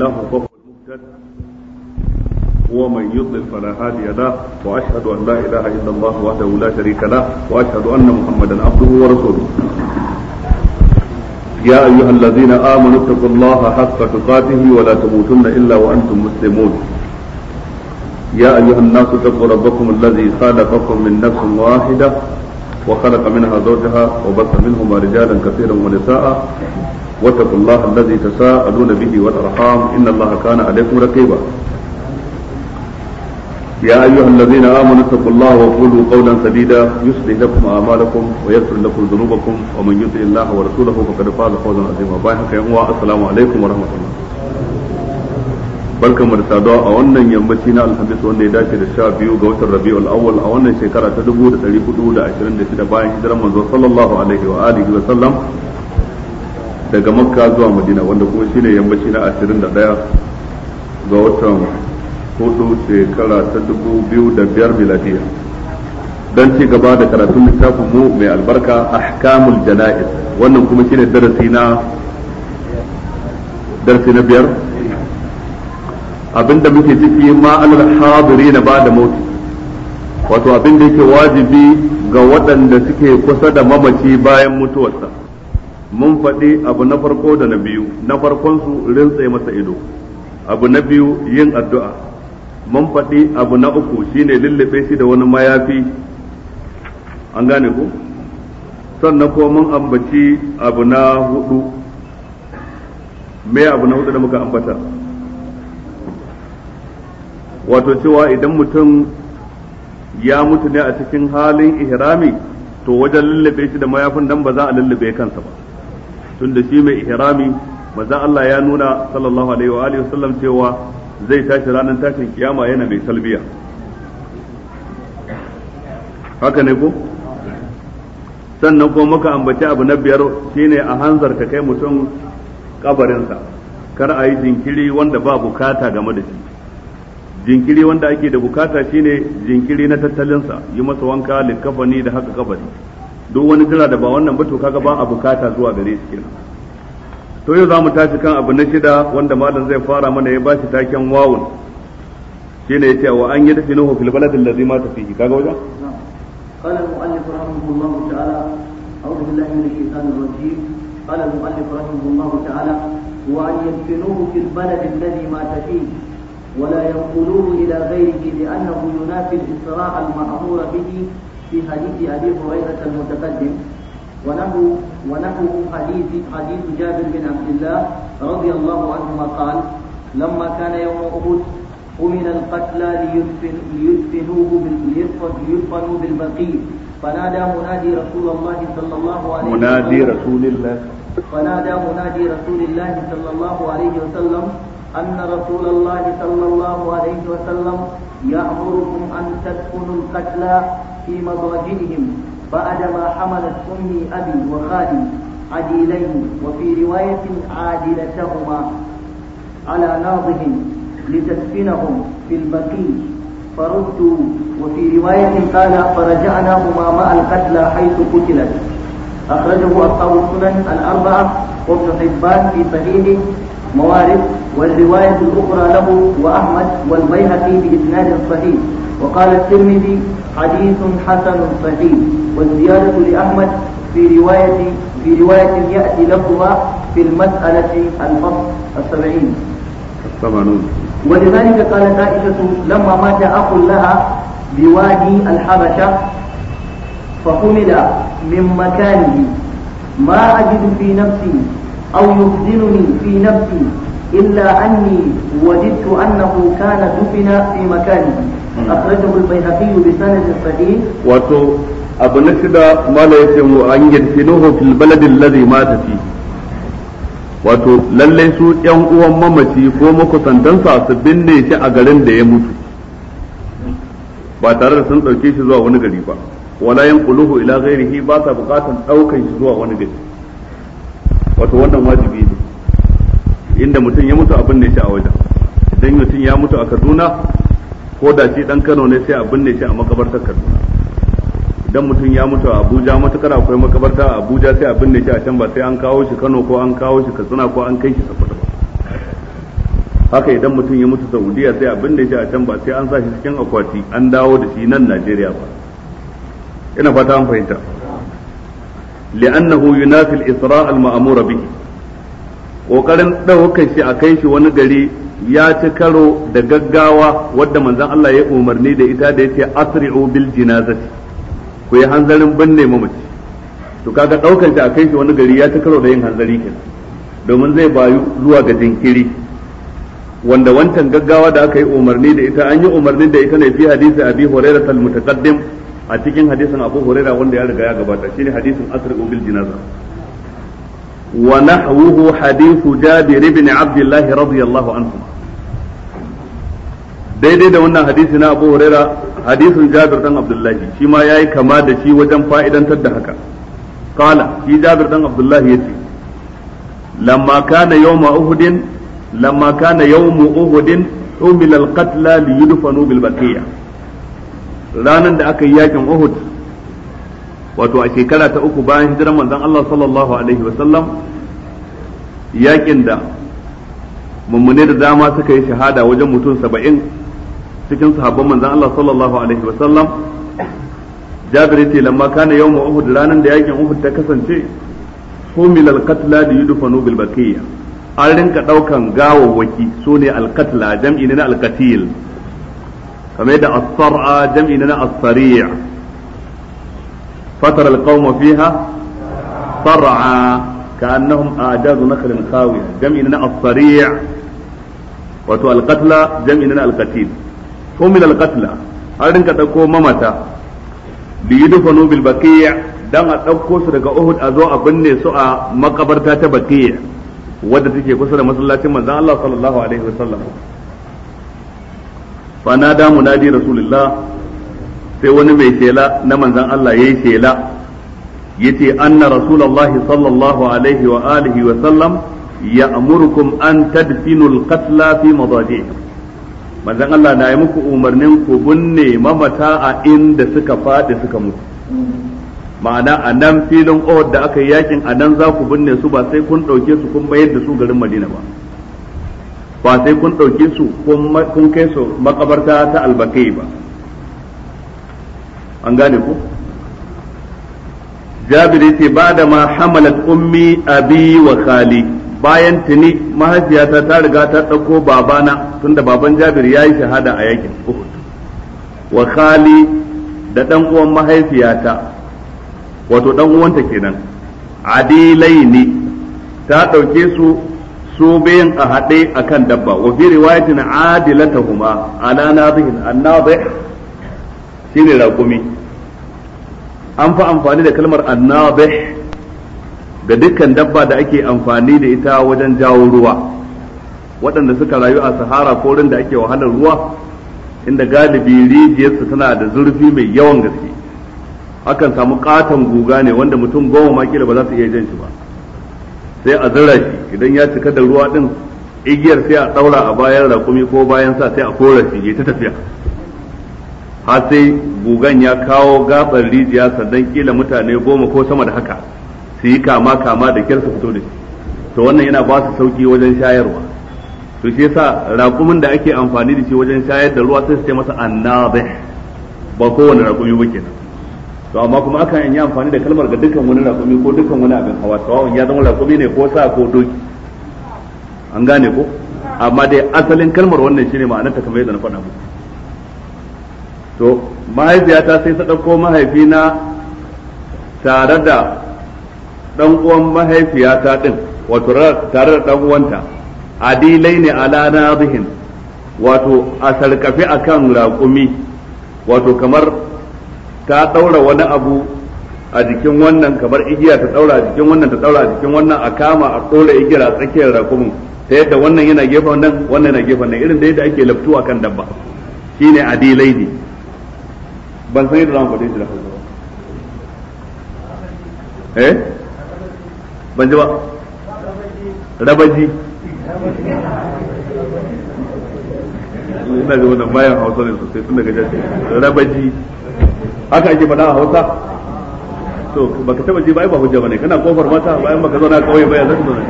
الله فهو المهتد ومن يضلل فلا هادي له واشهد ان لا اله الا الله وحده لا شريك له واشهد ان محمدا عبده ورسوله يا ايها الذين امنوا اتقوا الله حق تقاته ولا تموتن الا وانتم مسلمون يا ايها الناس اتقوا ربكم الذي خلقكم من نفس واحده وخلق منها زوجها وبث منهما رجالا كثيرا ونساء واتقوا الله الذي تساءلون به والارحام ان الله كان عليكم رقيبا يا ايها الذين امنوا اتقوا الله وقولوا قولا سديدا يصلح لكم اعمالكم ويغفر لكم ذنوبكم ومن يطع الله ورسوله فقد فاز فوزا عظيما باهك يا السلام عليكم ورحمه الله barkan mu da saduwa a wannan yammaci na alhamis wanda ya dace da sha biyu ga watan rabi'ul awwal a wannan shekara ta dubu da ɗari hudu da ashirin da shida bayan hijirar manzo sallallahu alaihi wa alihi wa sallam daga makka zuwa madina wanda kuma shine yammaci na ashirin da ɗaya ga watan hudu shekara ta dubu biyu da biyar miladiya dan ci gaba da karatun littafin mu mai albarka ahkamul jana'iz wannan kuma shine darasi na darasi na biyar abinda muke ciki ma alal na ba da mauti wato abinda yake wajibi ga waɗanda suke kusa da mamaci bayan mutuwarsa mun faɗi abu na farko da na biyu na farkon su rintsaye masa ido abu na biyu yin addu'a mun faɗi abu na uku shine lullube shi da wani mayafi an gane ko sannan ko mun ambaci abu na hudu me abu na hudu da muka ambata wato cewa idan mutum ya mutu ne a cikin halin ihrami to wajen lullube shi da mayafin dan ba za a lullube kansa ba tunda shi mai ihrami maza Allah ya nuna sallallahu alaihi wa alihi wasallam cewa zai tashi ranar tashin kiyama yana mai salbiya haka ne ko sannan kuma muka ambaci abu na biyar shine a hanzar ka kai mutum kabarinsa kar a yi jinkiri wanda ba bukata game da shi jinkiri wanda ake da bukata shine jinkiri na tattalinsa yi masa wanka likafani da haka kabari duk wani jira da ba wannan ba to kaga ba a bukata zuwa gare shi kenan to yau zamu tashi kan abu na shida wanda malam zai fara mana ya bashi taken wawun shine yace wa an yi nuhu fil balad allazi ma fihi kaga wajen ta'ala المؤلف رحمه الله تعالى أعوذ بالله من الشيطان الرجيم قال المؤلف رحمه ta'ala تعالى وأن يدفنوه fil balad allazi ma فيه ولا ينقلوه إلى غيره لأنه ينافي الإسراء المأمور به في حديث أبي هريرة المتقدم ونحو ونحو حديث حديث جابر بن عبد الله رضي الله عنهما قال لما كان يوم أحد أمن القتلى ليدفن ليدفنوه ليدفنوا بالبقيع فنادى منادي رسول الله صلى الله عليه وسلم منادي رسول الله فنادى منادي رسول الله صلى الله عليه وسلم أن رسول الله صلى الله عليه وسلم يأمركم أن تدفنوا القتلى في مضاجعهم بعدما حملت أمي أبي وخالي عديلين وفي رواية عادلتهما على ناضهم لتدفنهم في البقيع فردوا وفي رواية قال فرجعناهما مع القتلى حيث قتلت أخرجه أصحاب السنن الأربعة وابن حبان في صحيحه موارد والرواية الأخرى له وأحمد والبيهقي بإسناد صحيح وقال الترمذي حديث حسن صحيح والزيادة لأحمد في رواية في رواية يأتي لفظها في المسألة الفصل السبعين الثمانون ولذلك قالت عائشة لما مات أخ لها بوادي الحبشة فحمل من مكانه ما أجد في نفسي أو يخزنني في نفسي إلا أني وجدت أنه كان دفن في مكانه أخرجه البيهقي بسند صحيح وتو abu na shida mala ya ce mu an yadfinuhu fil baladin ladhi fi wato lalle su yan uwan mamaci ko makusantansa su binne shi a garin da ya mutu ba tare da sun ɗauke shi zuwa wani gari ba wala yanquluhu ila ghairihi ba sa bukatan daukan shi zuwa wani gari wato wannan wajibi ne inda mutum ya mutu abin ne shi a wajen idan mutum ya mutu a kaduna ko da shi dan kano ne sai abin ne shi a makabartar kaduna idan mutum ya mutu a abuja matukar akwai makabarta a abuja sai abin ne shi a can ba sai an kawo shi kano ko an kawo shi katsina ko an kai shi sakwata ba haka idan mutum ya mutu saudiya sai abin ne shi a can ba sai an sa shi cikin akwati an dawo da shi nan najeriya ba ina fata an fahimta li'annahu yunafi al-isra al-ma'mura bihi kokarin daukan shi a kai shi wani gari ya ci karo da gaggawa wadda manzon Allah ya umarni da ita da yace asri'u bil janazati ku yi hanzarin binne mamaci to kaga daukan a kai shi wani gari ya ci karo da yin hanzari domin zai bayu zuwa ga jinkiri wanda wancan gaggawa da aka yi umarni da ita an yi umarni da ita ne fi hadisi abi hurairah al-mutaqaddim a cikin hadisin Abu Hurairah wanda ya riga ya gabata shine hadisin asri'u ubil jinaza wa nahwuhu hadithu Jabir ibn Abdullah radiyallahu anhu daidai da wannan hadisi na Abu Hurairah hadisin Jabir dan Abdullahi shi ma yayi kama da shi wajen fa'idantar da haka qala shi Jabir dan Abdullahi yace lamma kana yawma uhudin lamma kana yawmu uhudin umila al-qatla li yudfanu bil baqiyah ranar da aka yi yakin Uhud wato a shekara ta uku bayan hijirar manzon Allah sallallahu alaihi wa sallam yakin da mummune da dama suka yi shahada wajen mutum saba'in cikin sahabban manzon Allah sallallahu alaihi wa wasallam Jabir yace lamma kana yawm Uhud ranar da yakin Uhud ta kasance humil al-qatla li yudfanu bil baqiyya an rinka daukan gawawwaki sune al-qatla jam'i ne na al-qatil al qatla jam'i ne na al al jami ne na al qatil kamar yadda as-sar'a jam'i na as-sari' fatar al-qawm fiha sar'a كأنهم أعجاز نخل خاوية جمعنا الصريع وتو al جمعنا القتيل حمل القتلى mamata تكو ممتا ليدفنوا بالبقيع dan a dauko su daga Uhud a zo a binne su a makabarta ta Baqiya wadda take kusa da masallacin manzon Allah sallallahu alaihi wasallam fa na da munadi rasulullah sai wani mai shela na manzan Allah yayi shela yace anna rasulullahi sallallahu alaihi wa alihi wa sallam ya'murukum an tadfinul qatla fi madajihim Manzan Allah na yi muku umarnin ku binne mamata a inda suka fadi suka mutu ma'ana a nan filin ohud da aka yi yakin a nan za ku binne su ba sai kun ɗauke su kun bayar da su garin madina ba ba sai kun ɗauke su kun kai su makabarta ta albakai ba an gane ku jabir yace ba da ma hamalat ummi abi wa khali bayan tuni mahaifiyata ta riga ta ɗauko babana tunda baban jabir ya yi shahada a yakin wa khali da ɗan uwan mahaifiyata wato ɗan uwanta kenan adilai ne ta ɗauke su su biyan a haɗe akan dabba wa fi riwayatin adilatahuma ala nazihin annabi shine raqumi an fa amfani da kalmar annabi da dukkan dabba da ake amfani da ita wajen jawo ruwa waɗanda suka rayu a sahara ko da ake wahalar ruwa inda galibi rijiyarsu tana da zurfi mai yawan gaske akan samu katon guga ne wanda mutum goma ma kila ba za su iya jan shi ba sai a zira shi idan ya cika da ruwa din igiyar sai a daura a bayan rakumi ko bayan sa sai a kora shi ya ta tafiya har sai gugan ya kawo gabar rijiya sannan kila mutane goma ko sama da haka su yi kama kama da kyar su fito da shi to wannan yana ba su sauki wajen shayarwa to shi yasa rakumin da ake amfani da shi wajen shayar da ruwa sai su ce masa annabe ba kowane rakumi ba kenan to amma kuma akan yi amfani da kalmar ga dukkan wani rakumi ko dukkan wani abin hawa tawawun ya zama rakumi ne ko sa ko doki an gane ko amma dai asalin kalmar wannan shine ma'anar ta kamar yadda na faɗa muku to mahaifiyata sai ta ɗauko mahaifina tare da ɗan uwan mahaifiyata ɗin wato tare da ɗan uwanta adilai ne ala bihin wato a sarkafe akan rakumi wato kamar ta daura wani abu a jikin wannan kamar igiya ta daura a jikin wannan ta daura a jikin wannan a kama a dora igiyar a tsakiyar rakumin ta yadda wannan yana gefen nan wannan yana gefen nan irin da yadda ake laftu akan dabba shine adilai ne ban san yadda zan faɗe shi da hausa eh ban ji ba rabaji ina wannan bayan hausa ne sosai tun daga jaji rabaji haka ake faɗa a Hausa to baka taba ji ba ba hujja bane kana kofar mata bayan baka zauna kauye ba ya zaka zauna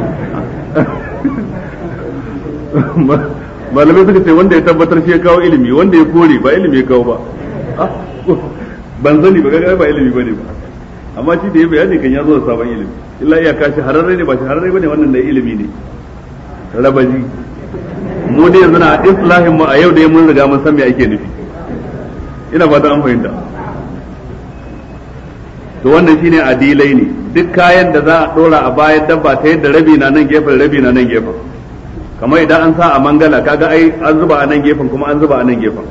malamai suka ce wanda ya tabbatar shi ya kawo ilimi wanda ya kore ba ilimi ya kawo ba ah, ban zani ba ga ba ilimi bane ba amma shi da ya bayani kan ya zo da sabon ilimi illa iya kashi hararre ne ba shi hararre bane wannan da ilimi ne rabaji mu dai yanzu na islahin mu a yau da mun riga mun san me ake nufi ina fata an fahimta to wannan shine adilai ne duk kayan da za a dora a bayan dabba ta yadda rabi na nan gefen rabi na nan gefen kamar idan an sa a mangala kaga ai an zuba a nan gefen kuma an zuba a nan gefen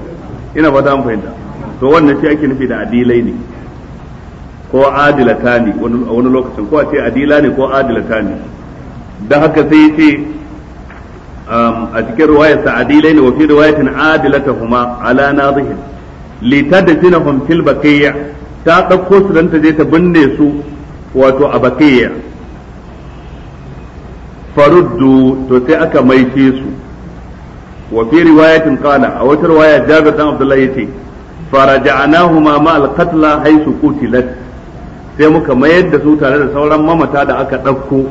ina fata an fahimta to wannan shi ake nufi da adilai ne ko adilata ne a wani lokacin ko a ce adila ne ko adilata ne don haka sai ce um, a cikin ruwayar sa adilai ne wa fi ruwayatin adilatahuma ala nazihin litadfinahum fil baqiyya ta ɗauko su don ta je ta binne su wato a bakiya faruddu to sai aka maishe su wa fi riwayatin qala a wata riwaya Jabir dan Abdullahi yace faraja'nahuma ma al-qatla haythu qutilat sai muka mayar da su tare da sauran mamata da aka ɗauko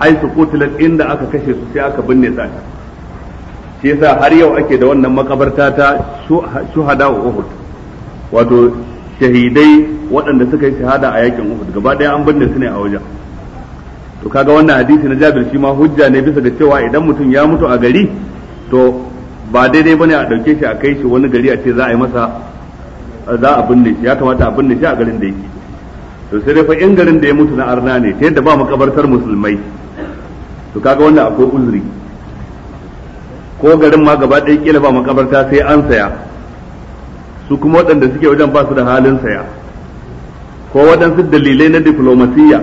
haythu qutilat inda aka kashe su sai aka binne su shi yasa har yau ake da wannan makabarta ta shuhada Uhud wato shahidai waɗanda suka yi shahada a yakin Uhud gaba ɗaya an binne su ne a wajen to kaga wannan hadisi na Jabir shi ma hujja ne bisa ga cewa idan mutum ya mutu a gari to ba daidai bane a ɗauke shi a kai shi wani gari a ce za a yi masa za a binne shi ya kamata a binne shi a garin da yake to sai dai fa in garin da ya mutu na arna ne ta yadda ba makabartar musulmai to kaga wannan akwai uzuri ko garin ma gaba ɗaya kila ba makabarta sai an saya su kuma waɗanda suke wajen ba su da halin saya ko waɗansu dalilai na diflomasiyya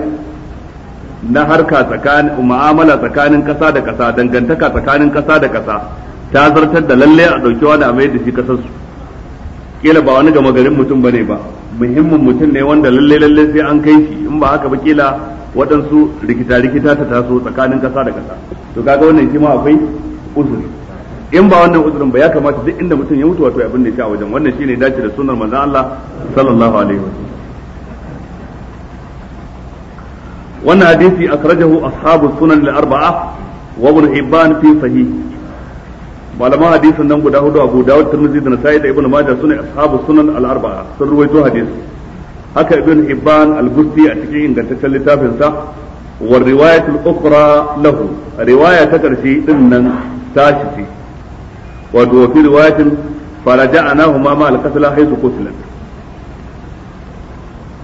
na harka tsakanin mu'amala tsakanin ƙasa da ƙasa dangantaka tsakanin ƙasa da ƙasa ta zartar da lalle a ɗauki wani a mai da shi ƙasarsu kila ba wani gama garin mutum bane ba muhimmin mutum ne wanda lalle lalle sai an kai shi in ba haka ba kila waɗansu rikita rikita ta taso tsakanin ƙasa da ƙasa to kaga wannan shi ma akwai uzuri in ba wannan uzurin ba ya kamata duk inda mutum ya mutu wato ya binne shi a wajen wannan shine dace da sunnar manzon Allah sallallahu alaihi wasallam wannan hadisi akhrajahu ashabu sunan al-arba'a wa ibn hibban fi sahih malaman hadisin nan guda hudu Abu Dawud Tirmidhi da Nasa'i da Ibn Majah sunan ashabu sunan al-arba'a sun ruwaito hadisi haka ibn Hibban al-Busti a cikin ingantaccen littafinsa, wa riwayatul ukhra lahu riwaya ta karshe din nan tashi ce wato wa fi riwayatin faraja'nahu ma ma al-qatla haythu qutilat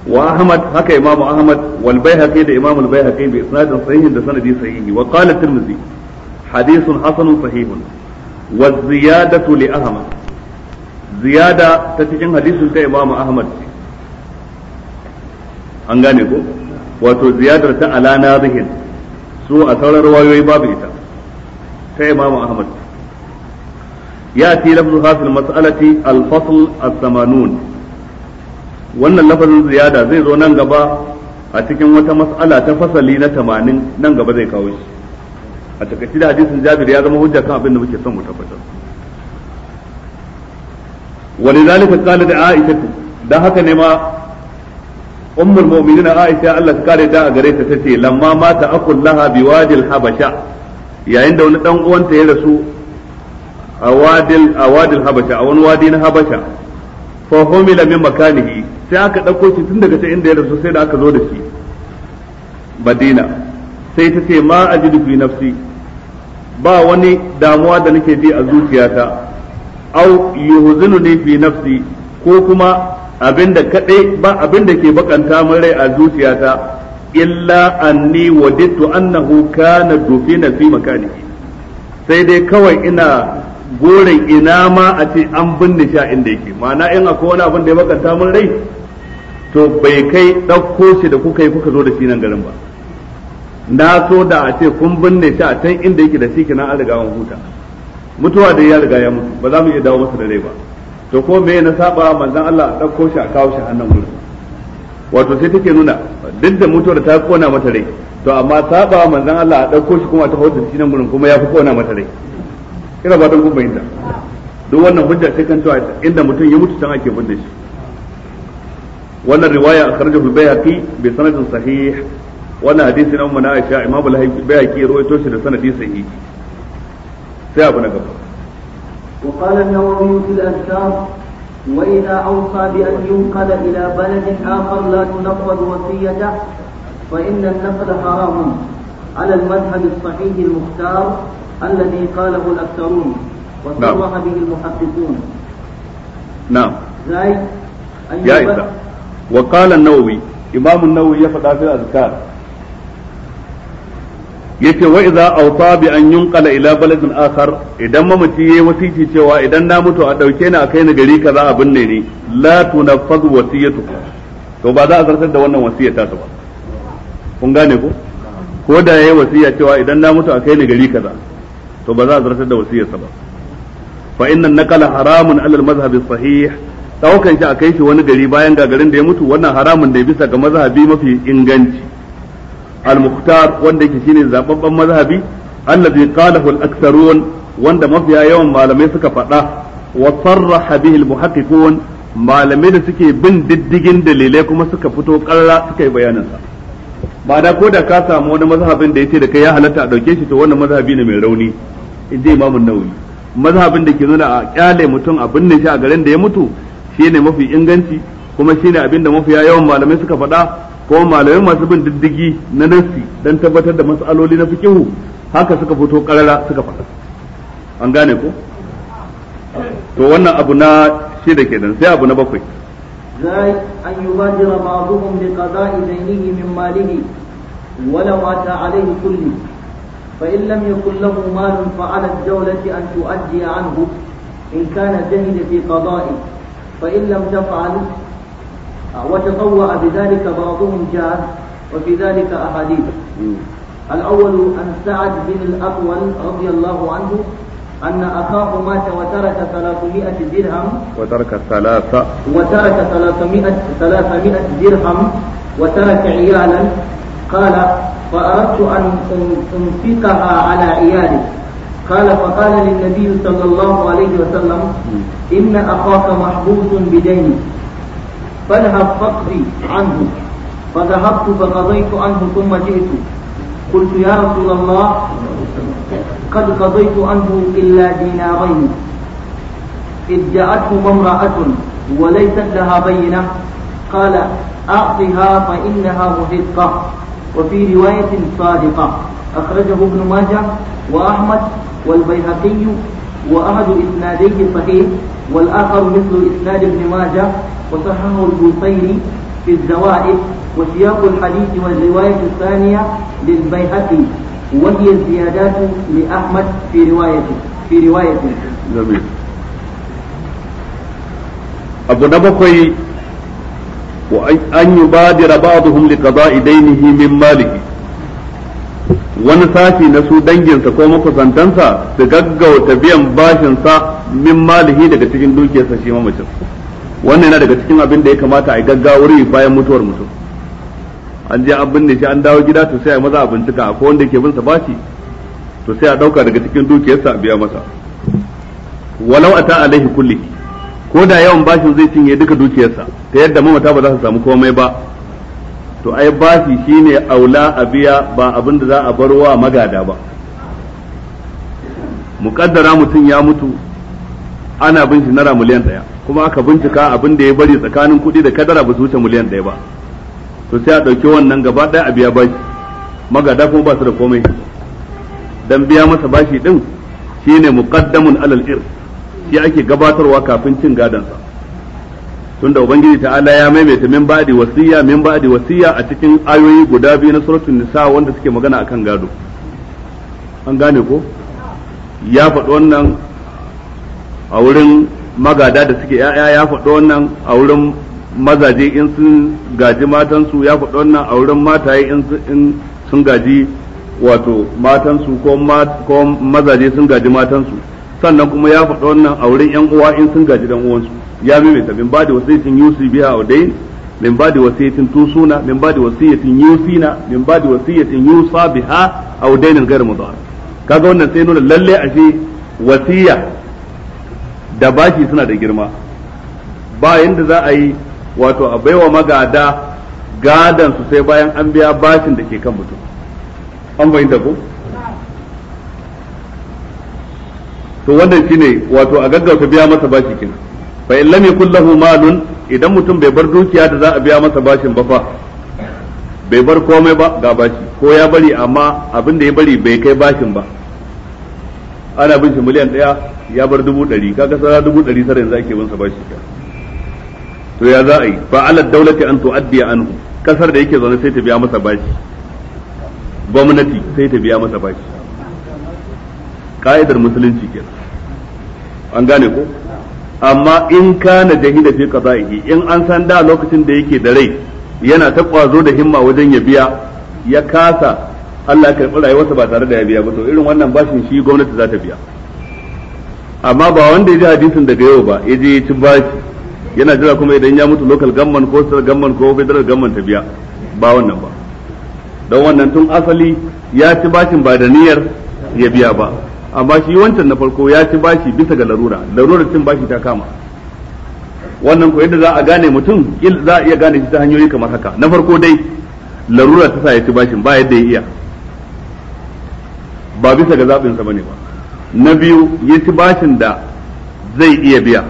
wa ahmad haka imamu ahmad wal baihaqi da imamu al-baihaqi bi isnadin sahihin da sanadi sahihi wa qala tirmidhi hadithun hasanun sahihun wa ziyadatu li ahmad ziyada ta cikin hadisin ta imamu ahmad an gane ko wato ziyadar ta ala nazihin su a sauran ruwayoyi babu ita ta imamu ahmad يأتي لفظها في المسألة الفصل الثمانون وأن اللفظ زيادة زي زو ننقبا أتكن وتمسألة تفصلي نتمانين ننقبا زي كاوش أتكتي حديث جابر يا زمو هجا كان أبن نبكي سمو تفتر ولذلك قالت عائشة ده هكا نما أم المؤمنين عائشة الله قالت ده أغريت تتي لما مات أقول لها بوادي الحبشة يعني ده ونطنق وانت يرسو a wadil habasha a wani wadi na habasha fa humila min makanihi sai aka dauko shi tun daga can inda ya rasu sai da aka zo da shi madina sai ta ce ma ajidu fi nafsi ba wani damuwa da nake ji a zuciyata au yuhzinuni fi nafsi ko kuma abinda kade ba abinda ke bakanta min rai a zuciyata illa anni wadittu annahu kana dufina fi makanihi sai dai kawai ina goren ina ma a ce an binne shi a inda yake ma'ana in akwai wani abin da ya bakanta mun rai to bai kai ɗauko shi da kuka yi kuka zo da shi nan garin ba na so da a ce kun binne shi a can inda yake da shi kina an riga an huta mutuwa da ya riga ya mutu ba za mu iya dawo masa da rai ba to ko me na saba manzon Allah a ɗauko shi a kawo shi hannun gurin wato sai take nuna duk da mutuwar ta kona mata rai to amma saba manzon Allah a ɗauko shi kuma ta hauta shi nan gurin kuma ya fi kona mata rai ina ba don kuma inda duk wannan hujja ce kan cewa inda mutum ya mutu can ake binne shi wannan riwaya a karjar bayhaqi bi sanadin sahih wannan hadisi na umma na Aisha Imam al-Bayhaqi rawaito shi da sanadi sahihi sai abu na gaba وقال النووي في الأذكار وإذا أوصى بأن ينقل إلى بلد آخر لا تنفذ وصيته فإن النقل حرام على المذهب الصحيح المختار الذي قاله الأكثرون وصرح به المحققون نعم زايد يا إسا وقال النووي إمام النووي يفضى في الأذكار yace wa idza awta bi an yunqala ila baladin akhar idan mamaci yayi wasiti cewa idan na mutu a dauke ni a kai ni gari kaza abin ne ne la tunaffaz wasiyatu to ba za a zartar da wannan wasiyar ta ba kun gane ko ko da yayi wasiya cewa idan na mutu a kai ni gari kaza to ba za a zartar da wasiyarsa ba fa na naqala haramun alal mazhabi sahih daukan shi a kai shi wani gari bayan ga garin da ya mutu wannan haramun da ya bisa ga mazhabi mafi inganci al muhtar wanda yake shine zababban mazhabi allazi qalahu al-aktharun wanda mafiya yawan malamai suka faɗa wa sarraha bihi al-muhaqqiqun malamai da suke bin diddigin dalilai kuma suka fito ƙalla suka yi bayanin sa ma'ana ko da ka samu wani mazhabin da yace da kai ya halatta a dauke shi to wannan mazhabi ne mai rauni in ji imamun nawawi mazhabin da ke nuna a kyale mutum abin binne shi a garin da ya mutu shine mafi inganci kuma shine abin da mafiya yawan malamai suka faɗa ko malamai masu bin diddigi na nassi dan tabbatar da matsaloli na fikihu haka suka fito karara suka faɗa an gane ko to wannan abu na shi ke kenan sai abu na bakwai ذلك أن يبادر bi qada'i دينه min malihi wala أتى عليه kulli. فإن لم يكن له مال فعلى الدولة أن تؤدي عنه إن كان جهد في قضائه فإن لم تفعل وتطوع بذلك بعضهم جاء وفي ذلك أحاديث الأول عن سعد بن الأطول رضي الله عنه أن أخاه مات وترك ثلاثمائة درهم وترك ثلاثة وترك ثلاثمائة, ثلاثمائة درهم وترك عيالا قال فأردت أن أنفقها على عيالي قال فقال للنبي صلى الله عليه وسلم إن أخاك محبوس بدينك فاذهب فاقضي عنه فذهبت فقضيت عنه ثم جئت قلت يا رسول الله قد قضيت عنه إلا دينارين إذ جاءتهما امرأة وليست لها بينة قال أعطها فإنها مهقة وفي رواية صادقة أخرجه ابن ماجه وأحمد والبيهقي وأحد إسناديه صحيح والآخر مثل إسناد ابن ماجه وصححه البوصيري في الزوائد وسياق الحديث والرواية الثانية للبيهقي وهي الزيادات لأحمد في روايته في روايته جميل أبو نبقي وأن يبادر بعضهم لقضاء دينه من min maliki wani sashi na su danginsa ko makusantansa su gaggauta biyan bashinsa min malihi daga cikin dukiyarsa shi mamacin wannan yana daga cikin abin da ya kamata a yi gaggawar yi bayan mutuwar mutum an je an binne shi an dawo gida to sai a maza a bincika ko wanda ke bin sa bashi to sai a dauka daga cikin dukiyarsa a biya masa walau a alaihi kulli ko da yawan bashin zai cinye duka dukiyarsa ta yadda mamata ba za su samu komai ba to ai bashi shine aula a biya ba abin da za a bar wa magada ba muƙaddara mutum ya mutu ana bin shi naira miliyan ɗaya kuma aka bincika abin da ya bari tsakanin kuɗi da kadara ba su wuce miliyan ɗaya ba to sai a ɗauki wannan gaba ɗaya a biya bashi magada kuma ba su da komai dan biya masa bashi ɗin shine muqaddamun alal irs shi ake gabatarwa kafin cin gadonsa tunda ubangiji ta'ala ya maimaita min ba'di wasiya min ba'di wasiya a cikin ayoyi guda biyu na suratul nisa wanda suke magana akan gado an gane ko ya faɗi wannan a wurin magada da suke ya'ya ya faɗi wannan a wurin mazaje in sun gaji matansu ya faɗi wannan a wurin mataye in sun gaji wato matansu ko mazaje sun gaji matansu sannan kuma ya faɗi wannan a wurin yan uwa in sun gaji dan uwansu ya mimita min ba da wasiyatin yusi a audain min ba da wasiyatin tusuna min ba da wasiyatin yusina min ba da wasiyatin yusa biha audainin ghayr mudar kaga wannan sai nuna lalle ashe wasiya da bashi suna da girma ba yanda za a yi wato a baiwa magada gadan su sai bayan an biya bashin da ke kan mutum an bayyana ko to wannan shine wato a gaggauta biya masa bashi kin fa in lam yakul lahu malun idan mutum bai bar dukiya da za a biya masa bashin ba fa bai bar komai ba ga bashi ko ya bari amma abin da ya bari bai kai bashin ba ana bin shi miliyan ɗaya ya bar dubu ɗari kaga sara dubu ɗari tara yanzu ake binsa bashi to ya za a yi fa ala dawlati an tuaddi anhu kasar da yake zaune sai ta biya masa bashi gwamnati sai ta biya masa bashi ka'idar musulunci kenan an gane ko amma in kana da fi qada'ihi in an san da lokacin da yake da rai yana ta kwazo da himma wajen ya biya ya kasa Allah ɓarayi rayuwarsa ba tare da ya biya ba to irin wannan bashin shi gwamnati za ta biya amma ba wanda ya ji hadisin daga yau ba ya je ya ci bashi yana jira kuma idan ya mutu local government ko state government ko federal government ta biya ba wannan ba don wannan tun asali ya ci bashin ba da niyyar ya biya ba amma shi wancan na farko ya ci bashi bisa ga larura larurar cin bashi ta kama wannan ko yadda za a gane mutum il za a iya gane shi ta hanyoyi kamar haka na farko dai larura ta sa ya ci bashin ba yadda ya iya ba bisa ga zaɓin sa bane ba na biyu ya ci bashin da zai iya biya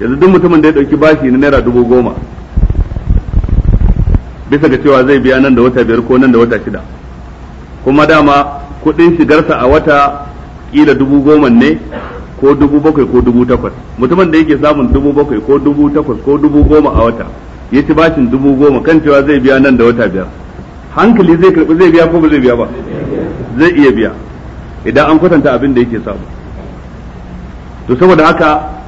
yanzu duk mutumin da ya ɗauki bashi na naira dubu goma bisa ga cewa zai biya nan da wata biyar ko nan da wata shida kuma dama kuɗin shigarsa a wata kila dubu goma ne ko dubu bakwai ko dubu takwas mutumin da yake samun dubu bakwai ko dubu takwas ko dubu goma a wata ya ci bashin dubu goma kan cewa zai biya nan da wata biyar hankali zai karɓi zai biya ko ba zai biya ba zai iya biya idan an kwatanta abin da yake samu to saboda haka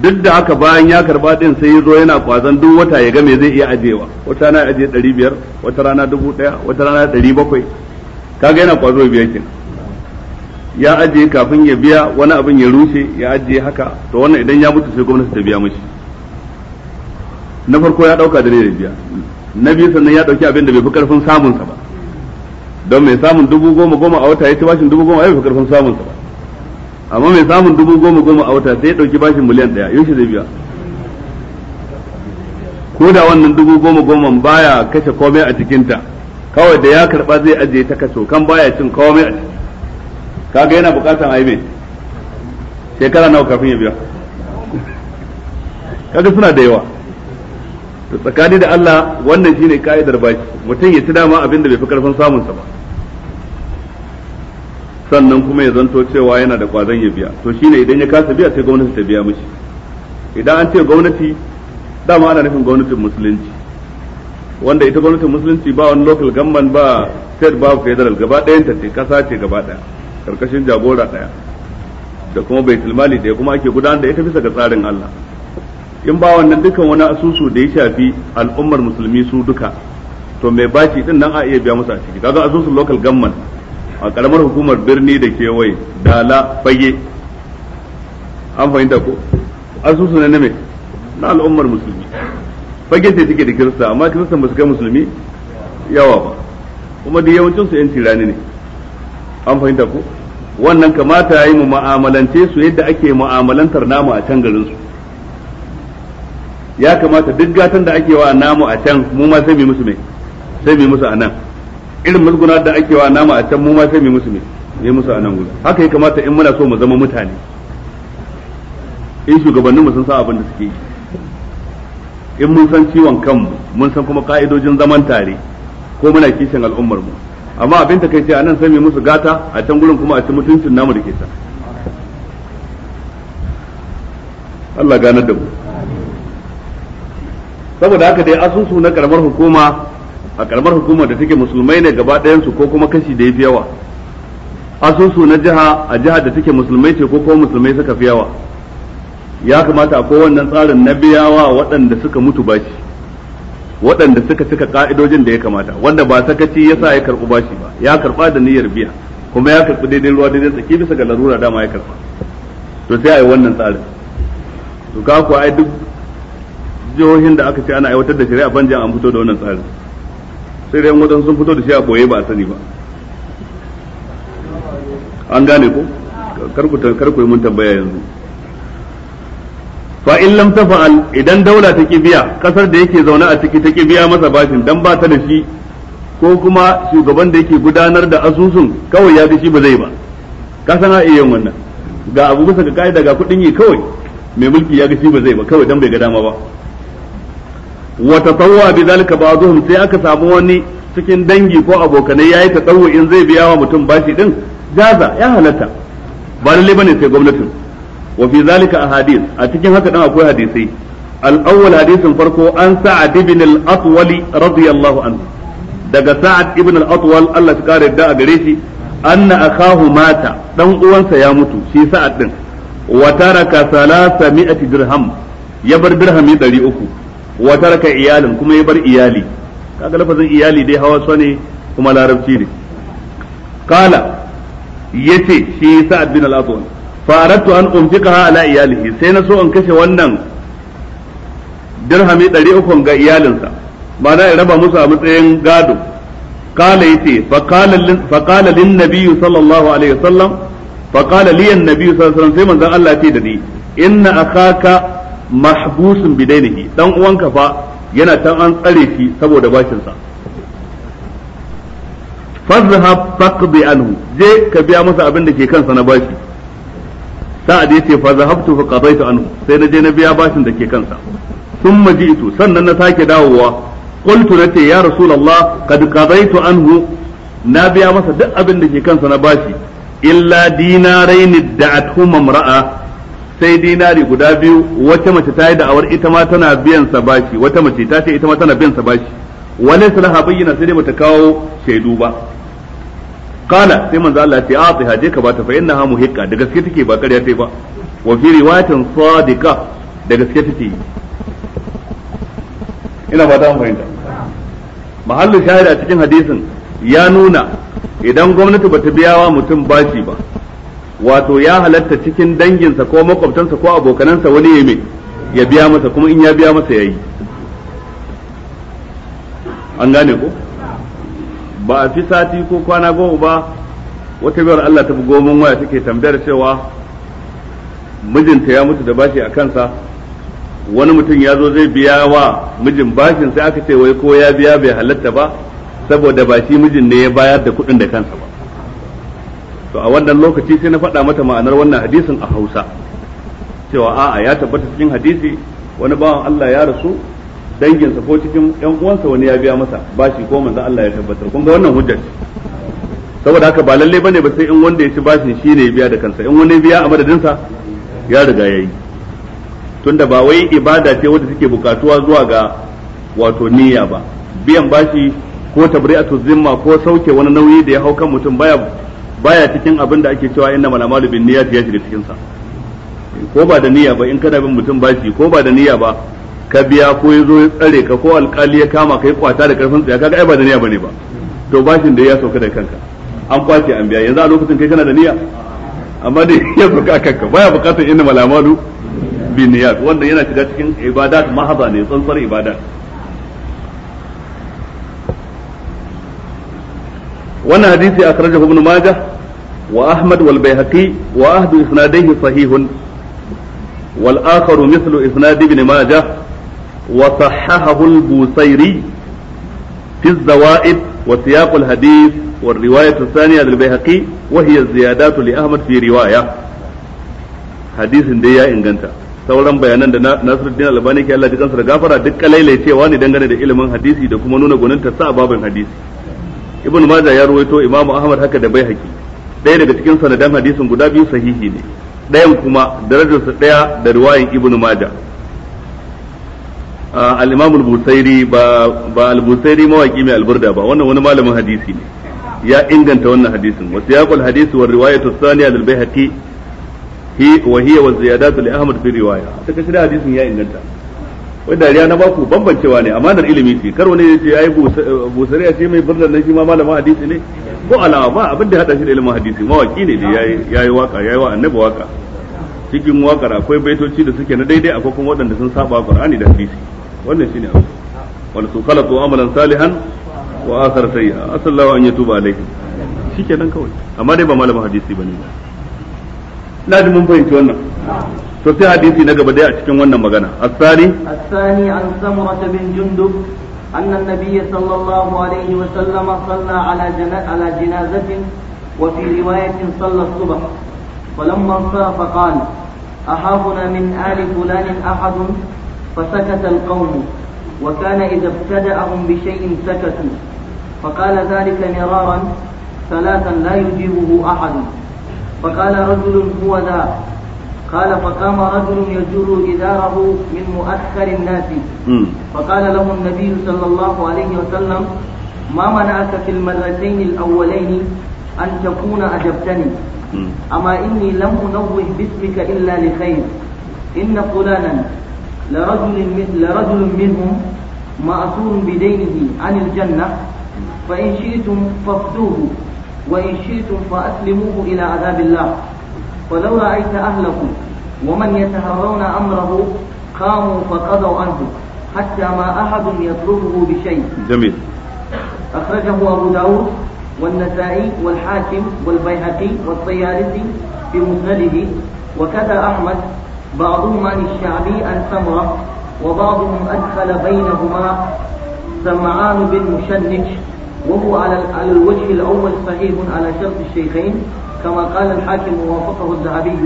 duk da haka bayan ya karba din sai ya zo yana kwazon duk wata ya ga me zai iya ajewa wata rana ajiye ɗari biyar wata rana dubu ɗaya wata rana ɗari bakwai kaga yana kwazo biya kenan ya ajiye kafin ya biya wani abin ya rushe ya ajiye haka to wannan idan ya mutu sai gwamnati ta biya mishi na farko ya dauka da ne biya na biyu sannan ya dauki abin da bai fi karfin samun sa ba don mai samun dubu goma goma a wata ya ci bashin dubu goma ai bai fi karfin samun sa ba amma mai samun dubu goma goma a wata sai ya dauki bashin miliyan daya yaushe zai biya ko da wannan dubu goma goma baya kashe komai a cikinta kawai da ya karba zai ajiye ta kaso kan baya cin komai a ciki kaga yana bukatan a yi mai shekara nawa kafin ya biya kaga suna da yawa to tsakani da Allah wannan shine ka'idar baki mutum ya ci dama abin da bai fi karfin sa ba sannan kuma ya zanto cewa yana da kwazon ya biya to shine idan ya kasa biya sai gwamnati ta biya mishi idan an ce gwamnati dama ana nufin gwamnatin musulunci wanda ita gwamnatin musulunci ba wani local government ba state ba federal gaba ɗayan ta ce kasa ce gaba ɗaya karkashin jagora ɗaya da kuma baitul mali ɗaya kuma ake gudanar da ita bisa ga tsarin Allah in ba wannan dukkan wani asusu da ya shafi al'ummar musulmi su duka to mai bashi din nan a iya biya musu a ciki kaga asusun local government a karamar hukumar birni da kewaye dala fage an fahimta ko asusu ne na na al'ummar musulmi fage ce take da kirista amma kiristan ba su kai musulmi yawa ba kuma da yawancin su yan tirani ne an fahimta ko wannan kamata yi mu mu'amalance su yadda ake mu'amalantar namu a can garin su ya kamata duk gatan da ake wa namu a can mu ma sai mu musu mai sai mu musu anan irin musguna da ake wa namu a can mu ma sai mu musu mai mu musu anan gudu haka ya kamata in muna so mu zama mutane in shugabannin mu sun sa abin da suke yi in mun san ciwon kanmu mun san kuma ka'idojin zaman tare ko muna kishin al'ummar mu amma abin ta kai ce anan sai mu musu gata a can gurin kuma a ci mutuncin namu da ta Allah gane da mu saboda haka dai asusu na karamar hukuma a karamar hukuma da take musulmai ne gaba su ko kuma kashi da ya fi yawa asusu na jiha a jiha da take musulmai ce ko kuma musulmai suka fi yawa ya kamata akwai wannan tsarin na biya wa waɗanda suka mutu bashi waɗanda suka cika ka'idojin da ya kamata wanda ba sakaci ya sa ya karɓi bashi ba ya karɓa da niyyar biya kuma ya karɓi daidai ruwa daidai tsaki bisa ga larura dama ya karɓa to sai a yi wannan tsarin to ka ku ai duk jihohin da aka ce ana aiwatar da shari'a banjan an fito da wannan tsarin sai dai wadan sun fito da shi a koye ba a sani ba an gane ko kar ku mun tambaya yanzu fa in lam tafa'al idan daula ta kibiya kasar da yake zaune a ciki ta kibiya masa bashin dan ba ta da shi ko kuma shugaban da yake gudanar da asusun kawai ya ga shi ba zai ba ka san a yin wannan ga abu bisa ga ka'ida ga kudin yi kawai mai mulki ya ga shi ba zai ba kawai dan bai ga dama ba wa tatawwa bi zalika ba'dhum sai aka samu wani cikin dangi ko abokanai yayi tatawwu in zai biya wa mutum bashi din jaza ya halatta ba lalle bane sai gwamnatin wa fi zalika ahadith a cikin haka ɗan akwai hadisai al hadisin farko an sa'ad ibn al radiyallahu anhu daga sa'ad ibn al-atwal Allah ya kare da a gare shi anna akahu mata ɗan uwansa ya mutu shi sa'ad din wa taraka 300 dirham ya bar dirhami 300 wa taraka iyalin kuma ya bar iyali kaga lafazin iyali dai hawa ne kuma larabci ne kala yace shi sa'ad bin al faratu an umfiqaha ala iyalihi sai na so in kashe wannan dirhami 300 ga iyalinsa ba na raba musu a matsayin gado kala yace fa kala lin nabiyyi sallallahu alaihi wasallam fa kala li an nabiyyi sallallahu alaihi wasallam sai manzon Allah ce da ni inna akhaka mahbusun bidainihi dan uwanka fa yana tan an tsare shi saboda bashin sa fazhab faqdi anhu je ka biya masa abin da ke kansa na bashi sa'ad ya ce fa zahabtu fa qadaytu anhu sai na je na biya bashin da ke kansa thumma ji'tu sannan na sake dawowa na ce ya rasulullah qad qadaytu anhu na biya masa duk abin da ke kansa na bashi illa dinarain da'atuhuma ra'a sai dinari guda biyu wata mace ta yi da'awar ita ma tana biyan sa bashi wata mace ta ce ita ma tana biyan sa bashi wani salaha bayyana sai dai bata kawo shaidu ba qala sai manzo Allah ya ce atiha je ka bata fa innaha muhiqqa da gaske take ba ƙarya tai ba wa fi riwayatin sadiqa da gaske take ina ba fata mun fahimta mahallin shahid a cikin hadisin ya nuna idan gwamnati bata biya wa mutum bashi ba wato ya halatta cikin danginsa ko makwabtansa ko abokanansa wani ya mai ya biya masa kuma in ya biya masa yayi an gane ko ba a fi sati ko kwana goma ba wata biyar Allah ta bugo waya take tambayar cewa mijinta ya mutu da bashi a kansa wani mutum ya zo zai biya wa mijin bashin sai aka ce wai ko ya biya bai halatta ba saboda ba shi mijin ne ya bayar da kuɗin da kansa ba to a wannan lokaci sai na faɗa mata ma'anar wannan hadisin a Hausa cewa a'a ya tabbata cikin hadisi wani bawan Allah ya rasu danginsa ko cikin yan uwansa wani ya biya masa bashi ko manzo Allah ya tabbatar kun ga wannan hujja saboda haka ba lalle bane ba sai in wanda ya ci bashin shine ya biya da kansa in wani biya a madadin sa ya riga yayi tunda ba wai ibada ce wanda take bukatuwa zuwa ga wato niyya ba biyan bashi ko tabri'atu zimma ko sauke wani nauyi da ya hau kan mutum baya baya cikin abin da ake cewa inna malamalu bin niyyati ya shiga cikin sa ko ba da niyya ba in kana bin mutum bashi ko ba da niyya ba ka biya ko ya zo ya tsare ka ko alkali ya kama ka ya kwata da karfin tsaya kaga ai ba da niyya bane ba to bashin da ya sauka da kanka an kwace an biya yanzu a lokacin kai kana da niyya amma dai ya sauka kanka baya bukatar inna malamalu bi niyyat wanda yana shiga cikin ibadat mahaba ne tsantsar ibadat wannan hadisi a akhrajahu ibn majah wa ahmad wal baihaqi wa ahdu isnadaihi sahihun wal akharu mithlu isnad ibn maja. وصححه البوصيري في الزوائد وسياق الحديث والرواية الثانية للبيهقي وهي الزيادات لأحمد في رواية حديث ديا إنجنتا sauran bayanan da Nasiruddin Albani ke Allah jikansa da gafara duk cewa ne dangane da ilimin hadisi da kuma nuna gonin sa a babin hadisi Ibn Majah ya ruwaito Imam Ahmad haka da Baihaqi ɗaya daga cikin sanadan hadisin guda biyu sahihi ne ɗayan kuma darajarsa ɗaya da riwayin Ibn Majah al-Imam al-Busairi ba ba al-Busairi mawaki mai alburda ba wannan wani malamin hadisi ne ya inganta wannan hadisin wa siyaqul hadis wa riwayatu thaniya lil Baihaqi hi wa hiya wa ziyadatu li Ahmad fi riwaya saka shi hadisin ya inganta wai dariya na baku bambancewa ne amanar ilimi ce kar wani yace ce ai busariya ce mai burdan nan shi ma malamin hadisi ne ko alama ba abin da hada shi da ilimin hadisi mawaki ne da yayi waka yayi wa annabi waka cikin wakar akwai baitoci da suke na daidai akwai kuma waɗanda sun saba Qur'ani da hadisi wannan shine abu wal su khalaqu amalan salihan wa athara sayyi'a asallahu an yatuba alaihim shikenan kawai amma dai ba malamin hadisi bane na ji mun fahimci wannan to sai hadisi na gaba dai a cikin wannan magana Asali. asani an samurata bin jundub أن النبي صلى الله عليه وسلم صلى على على جنازة وفي رواية صلى الصبح فلما انصرف قال من آل فلان أحد فسكت القوم وكان إذا ابتدأهم بشيء سكتوا فقال ذلك مرارا ثلاثا لا يجيبه أحد فقال رجل هو ذا قال فقام رجل يجر إزاره من مؤخر الناس فقال له النبي صلى الله عليه وسلم ما منعك في المرتين الأولين أن تكون أجبتني أما إني لم أنوه باسمك إلا لخير إن فلانا لرجل لرجل منهم مأثور بدينه عن الجنة فإن شئتم فافدوه وإن شئتم فأسلموه إلى عذاب الله ولو رأيت أهلكم ومن يتهرون أمره قاموا فقضوا عنه حتى ما أحد يطلبه بشيء جميل أخرجه أبو داود والنسائي والحاكم والبيهقي والطيارسي في مسنده وكذا أحمد بعضهم عن الشعبي عن سمرة وبعضهم أدخل بينهما سمعان بن مشنج وهو على الوجه الأول صحيح على شرط الشيخين كما قال الحاكم ووافقه الذهبي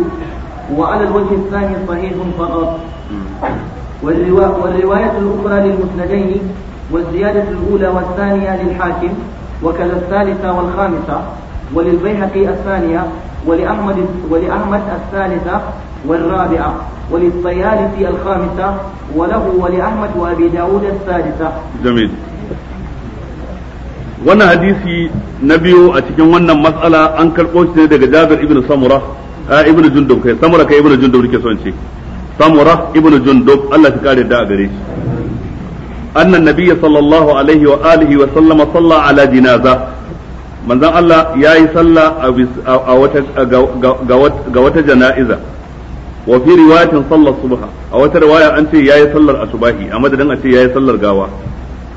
وعلى الوجه الثاني صحيح فقط والرواية الأخرى للمسندين والزيادة الأولى والثانية للحاكم وكذا الثالثة والخامسة وللبيهقي الثانية ولأحمد ولأحمد الثالثة والرابعة وللطيالسي الخامسة وله ولأحمد وأبي داود السادسة جميل wannan hadisi na biyu a cikin wannan matsala an karɓo shi ne daga Jabir ibn Samura a ibn Jundub kai Samura kai ibn Jundub nake son ce Samura ibn Jundub Allah ya kare da a gare shi annan nabiyya sallallahu alaihi wa alihi wa sallama salla ala jinaza manzon Allah yayi salla a wata ga wata jana'iza wa fi riwayatin sallar subha a wata riwaya an ce ya yi sallar asubahi a madadin a ce yayi sallar gawa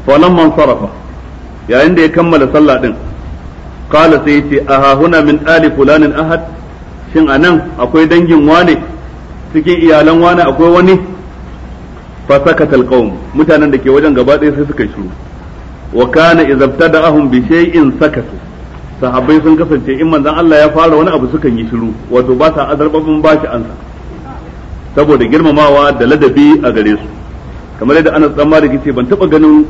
fa lam yayin da ya kammala sallah din qala sai yace aha huna min ali fulanin ahad shin anan akwai dangin wane cikin iyalan wane akwai wani fa sakata mutanen da ke wajen gaba ɗaya sai suka shiru Wakana kana da btada'ahum bi shay'in sakatu sahabbai sun kasance in manzon Allah ya fara wani abu suka yi shiru wato ba sa azarbabin bashi ansa saboda girmamawa da ladabi a gare su kamar yadda ana tsamma da ce ban taba ganin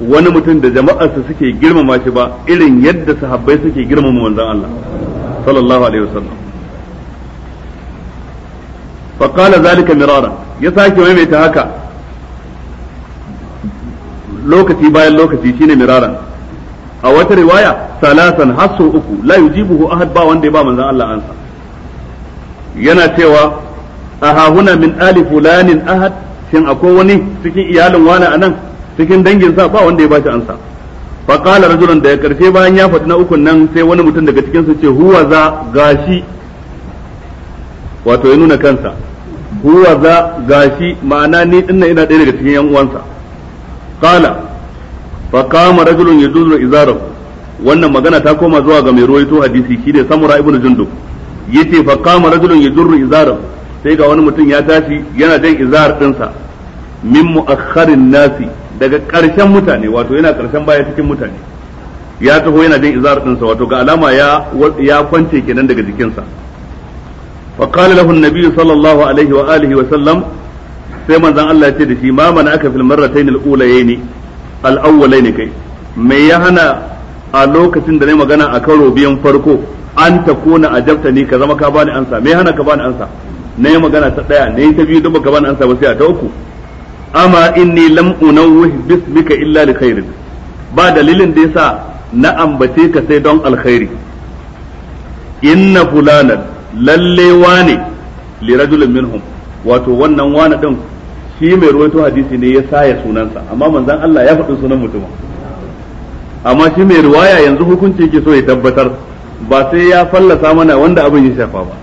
wani mutum da jama'arsa suke girmama shi ba irin yadda sahabbai suke girmama manzon Allah sallallahu alaihi wasallam fa qala zalika mirara ya sake maimaita haka lokaci bayan lokaci shine miraran a wata riwaya salasan hasu uku la yujibuhu ahad ba wanda ya ba manzon Allah ansa yana cewa ahahuna min ali fulanin ahad shin akwai wani cikin iyalin wani anan cikin dangin sa ba wanda ya bashi ansa fa qala rajulun da ya karshe bayan ya faɗi na ukun nan sai wani mutum daga cikin su ce huwa za gashi wato ya nuna kansa huwa za gashi ma'ana ni dinnan ina ɗaya daga cikin yan uwansa qala fa qama rajulun yadullu izarahu wannan magana ta koma zuwa ga mai ruwaito hadisi shine samura ibnu jundub yace fa qama rajulun yajurru izarahu sai ga wani mutum ya tashi yana jan izar dinsa min mu'akharin nasi daga ƙarshen mutane wato yana ƙarshen baya cikin mutane ya taho yana jan izar dinsa wato ga alama ya ya kwance kenan daga jikinsa fa qala lahu an sallallahu alaihi wa alihi wa sallam sai manzon Allah ya ce da shi ma mana aka fil marratayn al-ulayayn al-awwalayn kai me ya hana a lokacin da nayi magana a karo biyan farko an a jabta ni ka zama ka bani ansa me ya hana ka bani ansa na yi magana ta ɗaya na yi ta biyu duba gaban an samu sai a ta uku amma inni lam unawwih bismika illa li khairin ba dalilin da yasa na ambace ka sai don alkhairi inna fulanan lalle wane li rajulin minhum wato wannan wane din shi mai ruwaito hadisi ne ya saya sunansa amma manzon Allah ya faɗi sunan mutum amma shi mai riwaya yanzu hukunci yake so ya tabbatar ba sai ya fallasa mana wanda abin ya shafa ba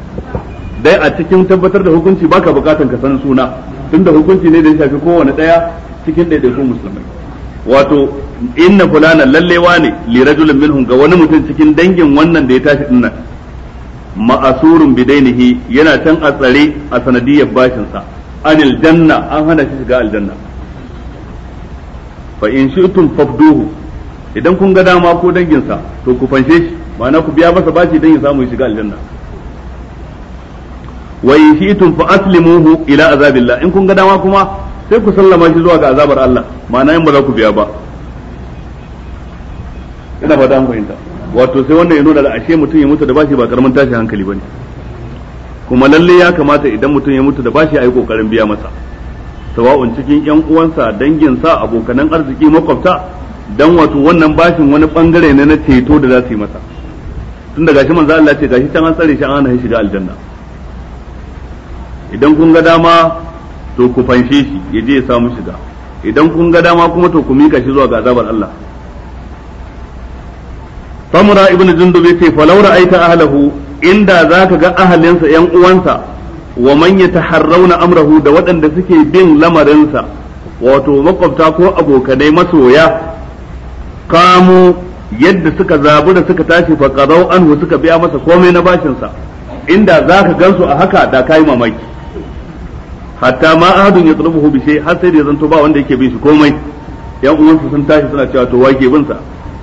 dai a cikin tabbatar da hukunci baka bukatan ka san suna tunda hukunci ne da ya shafi kowane daya cikin ɗaiɗaikun musulmai wato inna fulana lallewa ne li rajulin minhum ga wani mutum cikin dangin wannan da ya tashi dinnan ma'asurun bidainihi yana can a tsare a sanadiyar sa anil janna an hana shi shiga aljanna fa in shi'tum fabduhu idan kun ga dama ko danginsa to ku fanshe shi ma'ana ku biya masa bashi dan ya samu shiga aljanna wa in shi'tum fa aslimuhu ila azabillah in kun ga dama kuma sai ku sallama shi zuwa ga azabar Allah ma'ana in ba za ku biya ba ina fata an fahimta wato sai wannan ya nuna da ashe mutum ya mutu da bashi ba karamin tashi hankali bane kuma lalle ya kamata idan mutum ya mutu da bashi a kokarin biya masa sawa'un cikin yan uwansa danginsa abokanan arziki makwabta dan wato wannan bashin wani bangare ne na ceto da za su yi masa tun da gashi manzo Allah ce gashi can an tsare shi an hana shi shiga aljanna idan kun ga dama to ku fanshe shi ya je ya samu shiga idan kun ga dama kuma to ku mika shi zuwa ga azabar Allah samura ibn jundub yace falau ra'aita ahlahu inda zaka ga ahalinsa yan uwansa wa man yataharrauna amrahu da waɗanda suke bin lamarinsa wato makwabta ko abokanai masoya Kamu yadda suka zabu da suka tashi fa qadau anhu suka biya masa komai na bashin sa inda zaka gansu a haka da kai mamaki hatta ma ahadun ya tsulubuhu bi shay har sai da ya zanto ba wanda yake bi shi komai yan uwansa sun tashi suna cewa to wake bin sa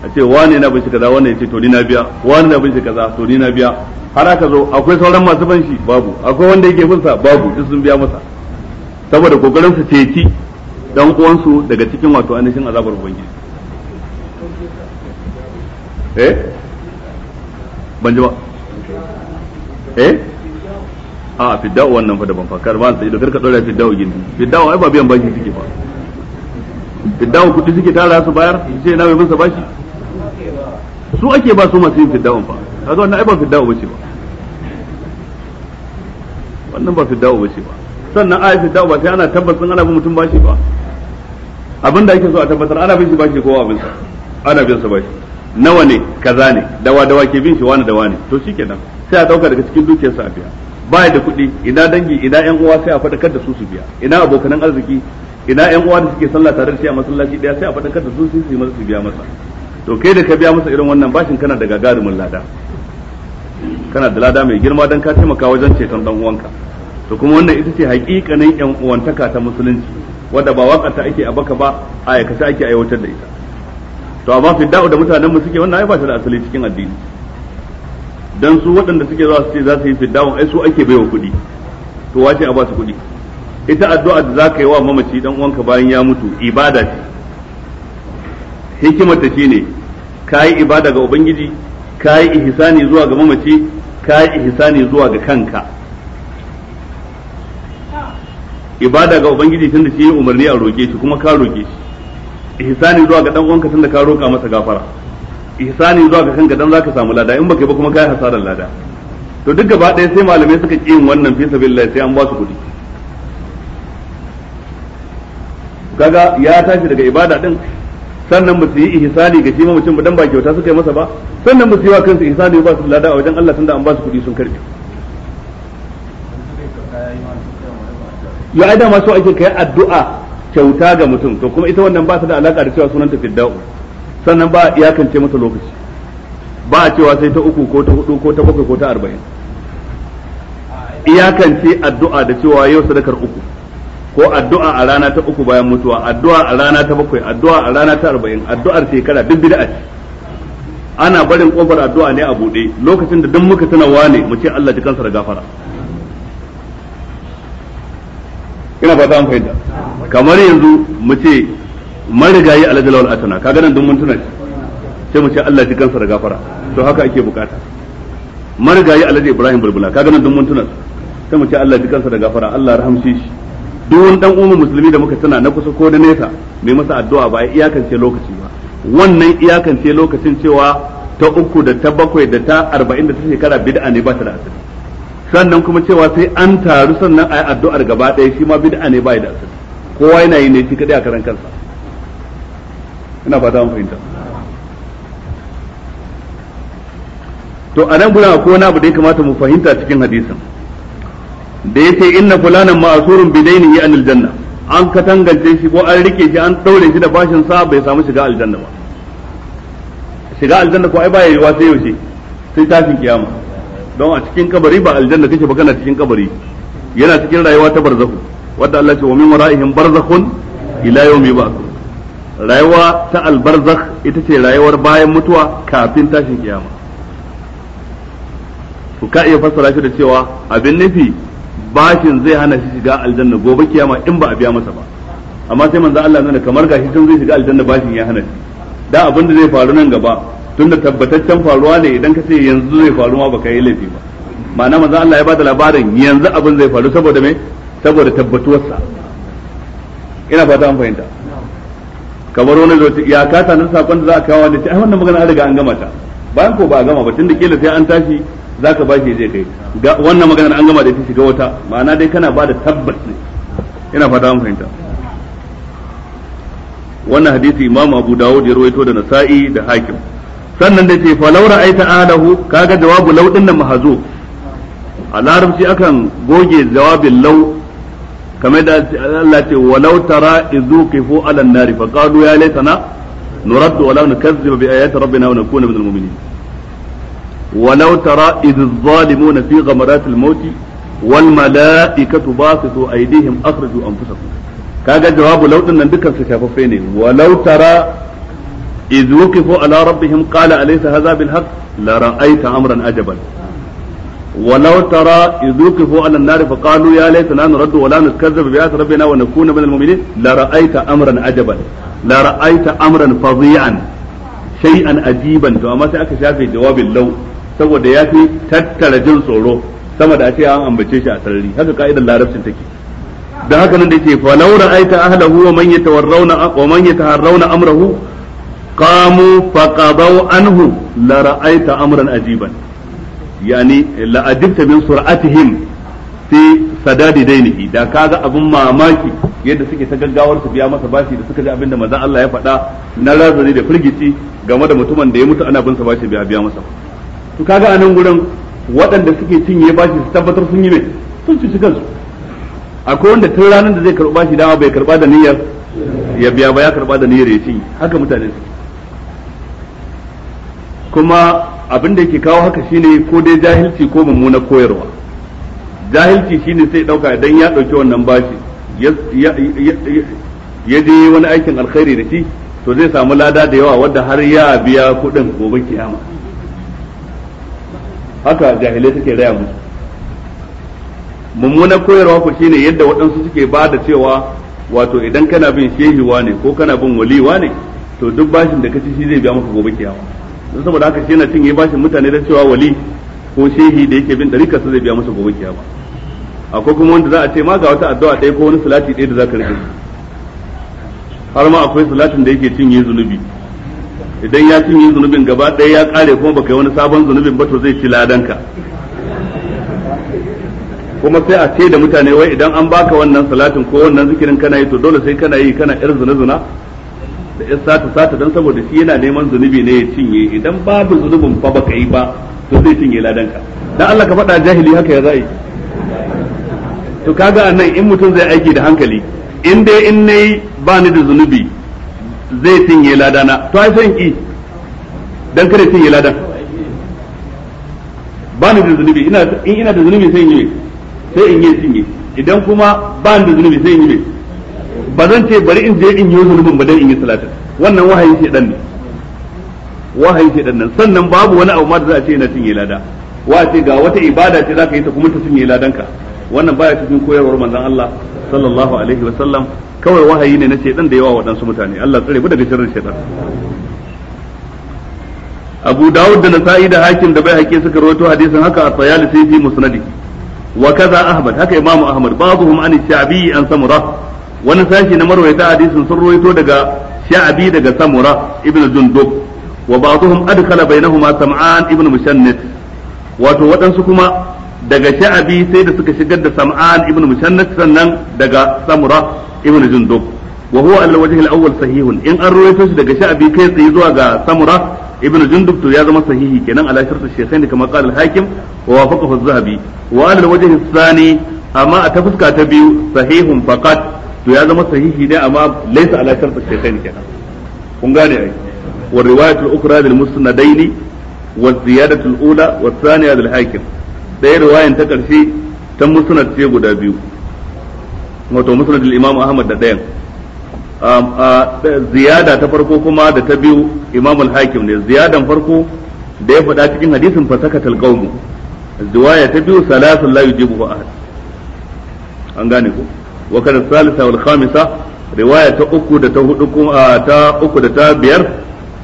a ce wane na bin shi kaza wannan yace to ni na biya wane na bin shi kaza to ni na biya har aka zo akwai sauran masu bin shi babu akwai wanda yake bin sa babu duk sun biya masa saboda kokarin su ceci dan uwansu daga cikin wato anishin azabar ubangiji eh ban ji ba eh a fidda'u wannan fa daban fa kar ba sai da karka dora fidda'u gindi fidda'u ai ba biyan bashi suke ba fidda'u kudi suke tara su bayar sai na mai musu bashi su ake ba su masu yin fidda'un fa kaga wannan ai ba fidda'u bace ba wannan ba fidda'u bace ba sannan ai fidda'u ba sai ana tabbatar ana bin mutum bashi ba abin da ake so a tabbatar ana bin shi bashi ko abin sa ana bin sa bashi nawa ne kaza ne dawa dawa ke bin shi wani dawa ne to shikenan sai a dauka daga cikin dukiyarsa a biya ba da kuɗi ina dangi ina yan uwa sai a faɗakar da su su biya ina abokan arziki ina yan uwa da suke sallah tare da shi a masallaci daya sai a faɗakar da su su yi masa su biya masa to kai da ka biya masa irin wannan bashin kana da gagarumin lada kana da lada mai girma dan ka taimaka wajen ceton dan uwanka to kuma wannan ita ce haƙiƙanin yan uwantaka ta musulunci wadda ba waka ta ake a baka ba a aikace ake aiwatar da ita to amma fidda'u da mutanen mu suke wannan ai ba ta da asali cikin addini dan su waɗanda suke zuwa su ce za su yi fiddawun ai su ake baiwa kuɗi to wace a ba su kuɗi ita addu'a da zaka yi wa mamaci dan uwanka bayan ya mutu ibada ce hikimar ta shine kai ibada ga ubangiji kai ihsani zuwa ga mamaci kai ihsani zuwa ga kanka ibada ga ubangiji tunda shi umarni a roke shi kuma ka roke shi ihsani zuwa ga dan uwanka tunda ka roka masa gafara ihsani zuwa ga kanka dan zaka samu lada in baka ba kuma kai hasaran lada to duk gaba ɗaya sai malamai suka ƙi yin wannan fi sabilillah sai an ba su kuɗi kaga ya tashi daga ibada din sannan ba su yi ihsani ga shi ma mutum dan ba kyauta suka yi masa ba sannan ba su yi wa kansu ihsani ba su lada a wajen Allah tunda an ba su kuɗi sun karbi ya ai ma so ake kai addu'a kyauta ga mutum to kuma ita wannan ba ta da alaka da cewa sunanta fidda'u sannan ba iyakance masa lokaci ba a cewa sai ta uku ko ta hudu ko ta bakwai ko ta arba'in iyakance addu'a da cewa yau sadakar uku ko addu'a a rana ta uku bayan mutuwa addu'a a rana ta bakwai addu'a a rana ta arba'in addu'ar shekara duk bid'a ce ana barin kofar addu'a ne a buɗe lokacin da duk muka tana wane mu ce Allah ji kansa da gafara ina fata an fahimta kamar yanzu mu ce marigayi a lawal atana kaga nan dun mun sai mu ce Allah ji kansa da gafara to haka ake bukata marigayi alhaji ibrahim bulbula kaga nan dun mun sai mu ce Allah ji kansa da gafara Allah rahamshe shi duk wani dan umma musulmi da muka tuna na kusa ko da nesa mai masa addu'a ba iyakance lokaci ba wannan iyakance lokacin cewa ta uku da ta bakwai da ta arba'in da ta shekara bid'a ne ba ta da asali sannan kuma cewa sai an taru sannan a yi addu'ar gaba ɗaya shi ma bid'a ne ba da asali kowa yana yi ne shi kaɗai a karan kansa ina fata an fahimta to a nan gudan akwai wani abu da ya kamata mu fahimta cikin hadisin da yace inna fulanan ma'asurun ya anil janna an katangance shi ko an rike shi an daure shi da bashin sa bai samu shiga aljanna ba shiga aljanna ko ai ba yayi wata yaushe sai tashin kiyama don a cikin kabari ba aljanna kake ba kana cikin kabari yana cikin rayuwa ta barzahu wadda Allah ce wa min wara'ihim barzakhun ila yawmi ba'th rayuwa ta albarzakh ita ce rayuwar bayan mutuwa kafin tashin kiyama to ka iya fassara shi da cewa abin nufi bashin zai hana shi shiga aljanna gobe kiyama in ba a biya masa ba amma sai manzo Allah nuna kamar gashi tun zai shiga aljanna bashin ya hana shi da abin da zai faru nan gaba tunda tabbataccen faruwa ne idan ka ce yanzu zai faru ma baka yi laifi ba ma'ana manzo Allah ya bada labarin yanzu abin zai faru saboda me saboda tabbatuwarsa ina fata an fahimta kamar wani zoci ya ka tana sakon da za a kawo da ce ai wannan magana an riga an gama ta bayan ko ba a gama ba tunda kila sai an tashi za ka bashi zai kai ga wannan magana an gama da ita shiga wata ma'ana dai kana ba da tabbas ne ina fata mun fahimta wannan hadisi imamu abu dawud ya rawaito da nasa'i da hakim sannan da ce falau ra'aita alahu kaga jawabu law din nan mahazu a larabci akan goge jawabin law kamar da Allah ce walau tara izu kifu ala nari fa qalu ya laitana nuraddu wa la nukazziba bi ayati rabbina wa nakuna minal mu'minin walau tara idh adh-dhalimuna fi ghamaratil maut wal mala'ikatu basitu aydihim akhriju anfusakum kaga jawabu law din nan dukkan su shafaffe ne walau tara idh wuqifu ala rabbihim qala alaysa hadha bil haqq la ra'aita amran ajaban ولو ترى إذ وقفوا على النار فقالوا يا ليتنا نرد ولا نكذب بآيات ربنا ونكون من المؤمنين لرأيت أمرا عجبا لرأيت أمرا فظيعا شيئا عجيبا to amma sai aka shafe jawabin law saboda ya fi tattara jin tsoro sama da ce an ambace shi a sarari haka ka'idar larabcin take da haka nan da yake fa law ra'aita ahlahu wa man yatawarrawna wa man yataharrawna amrahu qamu faqadaw anhu la ra'aita amran ajiban yani la'ajibta min sur'atihim fi sadadi dainihi da kaga abun mamaki yadda suke ta gaggawar su biya masa bashi da suka ji abin da manzon Allah ya faɗa na razani da firgici game da mutumin da ya mutu ana bin sa bashi biya biya masa to kaga anan gurin waɗanda suke cinye bashi su tabbatar sun yi mai sun shi kansu akwai wanda tun ranar da zai karɓa shi dama bai karɓa da niyyar ya biya ba ya karɓa da niyyar ya cinye haka mutane kuma abin da yake kawo haka shine ko dai jahilci ko mummuna koyarwa jahilci shine sai dauka idan ya dauki wannan bashi ya je wani aikin alkhairi da shi to zai samu lada da yawa wadda har ya biya kudin gobe kiyama haka jahilai suke raya musu mummuna koyarwa ku shine yadda waɗansu suke ba da cewa wato idan kana bin shehiwa ne ko kana bin waliwa ne to duk bashin da ka ci shi zai biya maka gobe kiyama don saboda haka shi yana cin ya bashin mutane da cewa wali ko shehi da yake bin ɗarikar su zai biya masa gobe kiyama akwai kuma wanda za a ce ma ga wata addu'a ɗaya ko wani salati ɗaya da za ka rike har ma akwai salatin da yake cinye zunubi idan ya cinye zunubin gaba ɗaya ya ƙare kuma baka yi wani sabon zunubin ba to zai ci ladanka kuma sai a ce da mutane wai idan an baka wannan salatin ko wannan zikirin kana yi to dole sai kana yi kana yar zina zina da ya sata sata don saboda shi yana neman zunubi ne ya cinye idan babu zunubin fa baka yi ba to zai cinye ladanka dan Allah ka faɗa jahili haka ya za'i to kaga annan in mutum zai aiki da hankali in dai in nayi ba ni da zunubi zai cinye ladana to ai san ki dan kada cinye ladan ba ni da zunubi ina in ina da zunubi sai in yi sai in yi cinye idan kuma ba ni da zunubi sai in yi ba zan ce bari in je in yi zunubin ba dan in yi salatin wannan wahayi ce dan ne wahayi ce dan nan sannan babu wani abu ma da za a ce yana cinye lada wa ce ga wata ibada ce zaka yi ta kuma ta cinye ladanka wannan baya cikin koyarwar manzon Allah sallallahu alaihi wa sallam kawai wahayi ne na shedan da yawa waɗansu mutane Allah tsare mu daga sharrin shedan Abu Dawud da Nasa'i da Hakim da Baihaqi suka rawaito hadisin haka a Sayyid fi Musnadi wa kaza Ahmad haka Imam Ahmad babuhum an Shabi an Samurah wani sashi na marwayata hadisin sun rawaito daga sha'abi daga samura ibn jundub wa ba'dhum adkhala bainahuma sam'an ibn mushannid wato waɗansu kuma daga sha'abi sai da suka shigar da sam'an ibn mushannad sannan daga samura ibn jundub wa huwa al-wajh al-awwal sahihun in an rawaito shi daga sha'abi kai tsaye zuwa ga samura ibn jundub to ya zama sahihi kenan ala shart shaykhain kama qala al-hakim wa wafaqahu az-zahabi wa ala al-wajh ath-thani amma a ta fuska ta biyu sahihun faqat to ya zama sahihi ne amma laysa ala shartu shaykhain kenan kun gane ai wa riwayatul ukra lil musnadaini wa ziyadatul ula wa thaniya lil hakim dai riwayan ta karshe ta musnad ce guda biyu wato musnad al imam ahmad da dayan ziyada ta farko kuma da ta biyu imam al hakim ne ziyadan farko da ya faɗa cikin hadisin fasakatul qawmu ziwaya ta biyu salasun la yujibu ahad an gane ko wa kana salisa wal khamisa riwaya ta uku da ta hudu kuma ta uku da ta biyar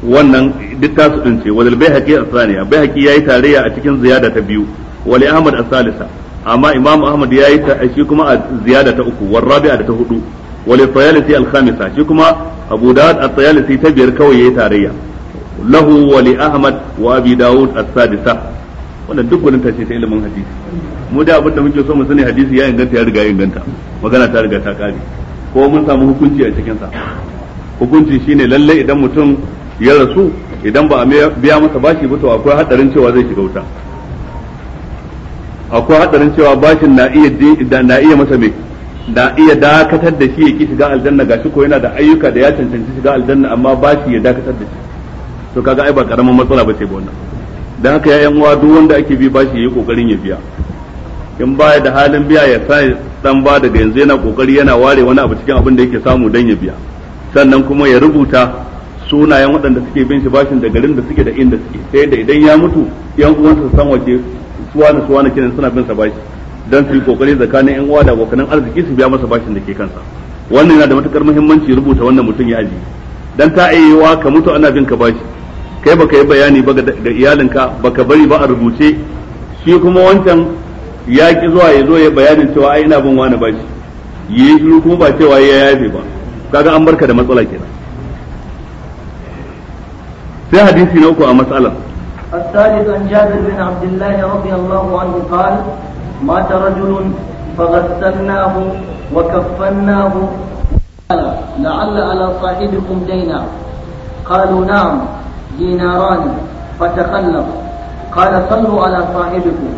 wannan duk ta su dince wa dal bayhaqi asaniya bayhaqi yayi tarayya a cikin ziyada ta biyu wa li ahmad asalisa amma imam ahmad yayi ta shi kuma a ziyada ta uku war rabi'a da ta hudu wa li tayalisi al khamisa shi kuma abu dawud at ta biyar kawai yayi tarayya lahu wa li ahmad wa abi dawud as-sadisa wannan duk gwaninta ce ta ilimin hadisi mu da abinda da muke so mu sani hadisi ya inganta ya riga ya inganta magana ta riga ta kare ko mun samu hukunci a cikin sa hukunci shine lalle idan mutum ya rasu idan ba a biya masa bashi ba to akwai hadarin cewa zai shiga wuta akwai hadarin cewa bashin na iya na iya masa me da iya dakatar da shi ya ki shiga aljanna gashi ko yana da ayyuka da ya cancanci shiga aljanna amma bashi ya dakatar da shi to kaga ai ba karamin matsala ba ce ba wannan da haka ya yan duk wanda ake bi bashi yayi kokarin ya biya in baya da halin biya ya sa dan ba da yanzu yana kokari yana ware wani abu cikin abin da yake samu dan ya biya sannan kuma ya rubuta sunayen waɗanda suke bin shi bashin da garin da suke da inda suke sai da idan ya mutu yan uwansa su san waje na suwa na kiran suna bin sa bashi dan su yi kokari tsakanin yan uwa da abokanan arziki su biya masa bashin da ke kansa wannan yana da matukar muhimmanci rubuta wannan mutum ya aji dan ta aiyewa ka mutu ana bin ka bashi kai baka yi bayani ba ga iyalinka baka bari ba a rubuce shi kuma wancan ya ki zuwa ya zo ya bayanin cewa ai ina bin wani bashi yi shiru kuma ba cewa ya yafe ba kaga an barka da matsala kenan sai hadisi na uku a matsalar الثالث عن جابر بن عبد الله رضي الله عنه قال مات رجل فغسلناه وكفناه لعل على صاحبكم دينا قالوا نعم ديناران فتخلف قال صلوا على صاحبكم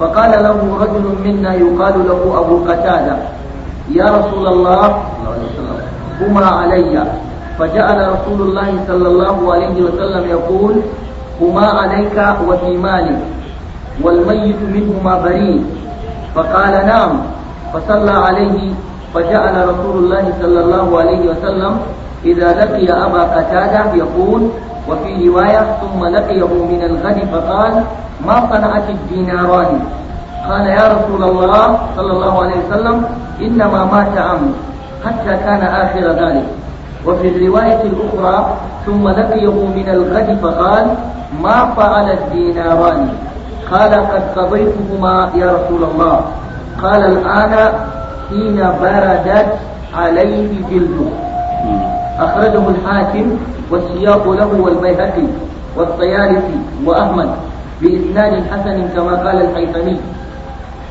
فقال له رجل منا يقال له أبو قتادة يا رسول الله هما علي فجعل رسول الله صلى الله عليه وسلم يقول هما عليك وفي مالك والميت منهما بريء فقال نعم فصلى عليه فجعل رسول الله صلى الله عليه وسلم إذا لقي أبا قتادة يقول وفي رواية ثم لقيه من الغد فقال ما صنعت الديناران قال يا رسول الله صلى الله عليه وسلم إنما مات عم حتى كان آخر ذلك وفي الرواية الأخرى ثم لقيه من الغد فقال ما فعل الديناران قال قد قضيتهما يا رسول الله قال الآن حين بردت عليه جلده أخرجه الحاكم والسياق له والبيهقي والطيالسي وأحمد بإسناد حسن كما قال الحيثمي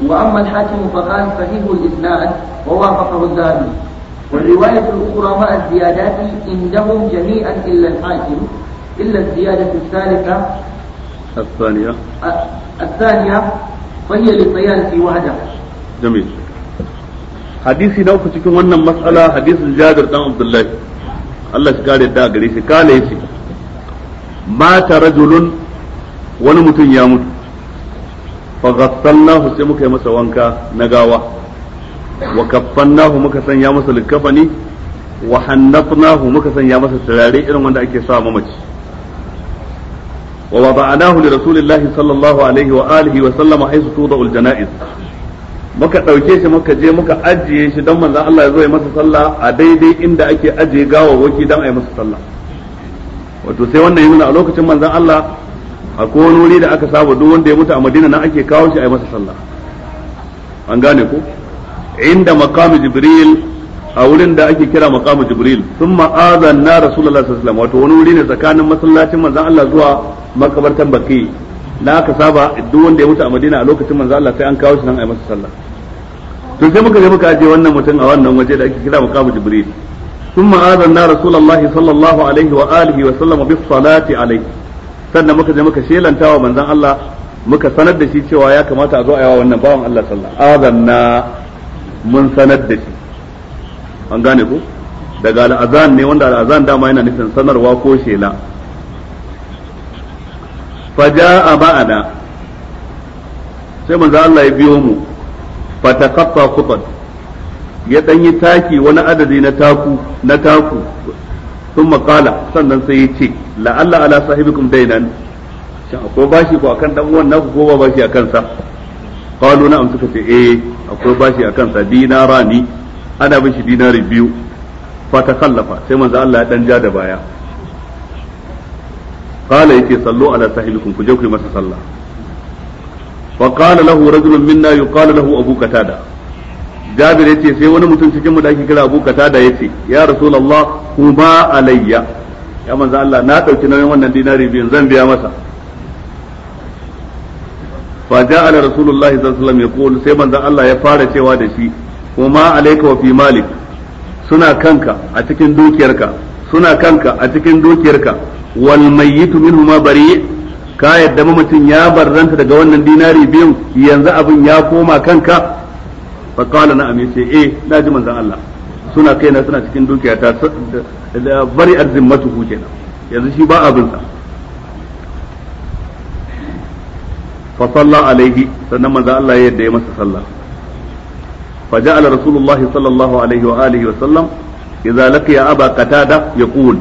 وأما الحاكم فقال صحيح الإسناد ووافقه الذهبي والرواية الأخرى مع الزيادات عندهم جميعا إلا الحاكم إلا الزيادة الثالثة الثانية الثانية فهي للطيالسي وحده جميل حديثي نوفي cikin wannan matsala hadisin Jabir dan Abdullahi Allah shi kare da gare shi kana yace mata rajulun wani mutum ya mutu fa ghassalnahu sai muka yi masa wanka na gawa wa kaffannahu muka sanya masa likafani wa hannafnahu muka sanya masa turare irin wanda ake sa mamaci wa wada'nahu li rasulillahi sallallahu alaihi wa alihi wa sallama haythu tuda'u janaiz muka ɗauke shi muka je muka ajiye shi don manzan Allah ya zo ya masa sallah a daidai inda ake ajiye gawawwaki don a yi masa sallah wato sai wannan yi nuna a lokacin manzan Allah a wani wuri da aka saba duk wanda ya mutu a Madina nan ake kawo shi a yi masa sallah an gane ko inda makamu Jibril a wurin da ake kira makamu Jibril ma'azan na Rasulullah sallallahu alaihi wasallam wato wani wuri ne tsakanin masallacin manzan Allah zuwa makabartan Baqi na aka saba duk wanda ya mutu a Madina a lokacin manzo Allah sai an kawo shi nan a masa sallah to sai muka je muka aje wannan mutum a wannan waje da ake kira maqamu jibril ثم آذنا رسول الله صلى الله عليه sallam وسلم بالصلاة عليه sannan muka je muka shelanta wa manzon Allah muka sanar da shi cewa ya kamata a zo a yawa wannan bawan Allah sallah azanna mun sanar da shi an gane ku daga al'azan ne wanda al'azan dama yana nufin sanarwa ko shela a ma'ana sai manzo Allah ya biyo mu fa fatakaffa kutan ya dan yi taki wani adadi na taku na taku sun makala sannan sai ya ce la'alla ala sahibikum dainan shin akwai bashi ko akan dan uwan naku ko ba bashi akan sa qalu na am suka ce eh akwai bashi akan sa dinara ni ana bin shi dinari biyu fa ta kallafa sai manzo Allah ya dan ja da baya qala yace sallu ala sahilikum ku je ku yi masa sallah fa qala minna yuqalu lahu abu qatada jabir yace sai wani mutum cikin mu da ake kira abu qatada yace ya rasulullah huma alayya ya manzo Allah na dauki nauyin wannan dinari biyan zan biya masa fa ja'ala rasulullah sallallahu alaihi wasallam yaqul sai manzo Allah ya fara cewa da shi huma malik suna kanka a cikin dukiyarka suna kanka a cikin dukiyarka wal mayyitu minhu ma bari ka yadda mamacin ya barranta daga wannan dinari biyun yanzu abin ya koma kanka fa qala na amin sai eh na ji manzon Allah suna kaina suna cikin dukiyata bari azzimmatuhu kenan yanzu shi ba abin sa fa salla alaihi sannan manzon Allah ya yadda ya masa sallah فجعل رسول الله صلى الله عليه وآله وسلم إذا لقي أبا قتادة يقول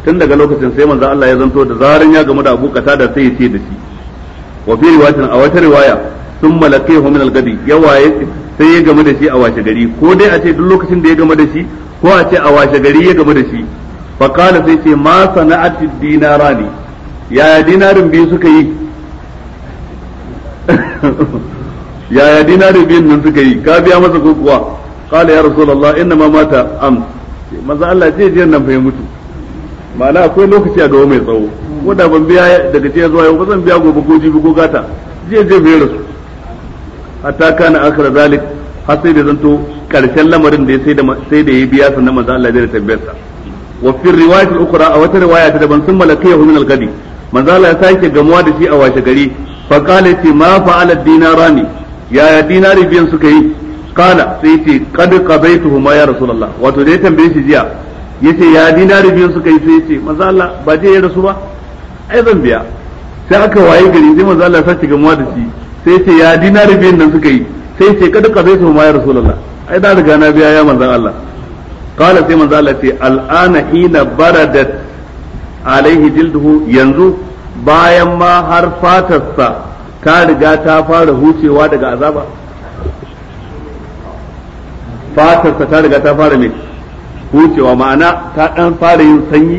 tun daga lokacin sai manzo Allah ya zanto da zaran ya gamu da Abu Qatada sai ya ce da shi wa fi riwayatin a wata riwaya sun laqihu min al-gadi yawaye sai ya gamu da shi a washe gari ko dai a ce duk lokacin da ya gamu da shi ko a ce a washe gari ya gamu da shi fa qala sai ce ma sana'ati dinarani yaya dinarin biyu suka yi yaya dinarin biyun nan suka yi ka biya masa ko kuwa qala ya rasulullah inna ma mata am manzo Allah zai ji nan fa ya mutu ma'ana akwai lokaci a gaba mai tsawo ko da ban biya daga jiya zuwa yau ba zan biya gobe ko jibi ko gata jiya je bai rasu hatta kana akhra zalik har sai da zanto karshen lamarin da sai da sai da yayi biya sannan manzo Allah zai tabbayar sa wa fi riwayat ukhra a wata riwaya ta daban sun malakayahu min al-gadi manzo Allah ya sake gamuwa da shi a washe gari fa qala ti ma fa'ala dinarani ya ya dinari biyan suka yi kala sai ce kad qabaituhuma ya rasulullah wato dai tambaye shi jiya yace ya dinari biyu suka yi sai yace manzo Allah ba je ya rasu ba ai zan biya sai aka waye gari sai manzo Allah sai muwa da shi sai yace ya dinari biyu nan suka yi sai yace kada ka bai ma ya rasulullah ai da riga na biya ya manzo Allah qala sai manzo Allah ce al'ana hina baradat alaihi jilduhu yanzu bayan ma har fatarsa ta riga ta fara hucewa daga azaba fatarsa ta riga ta fara mai hucewa ma'ana ta dan fara yin sanyi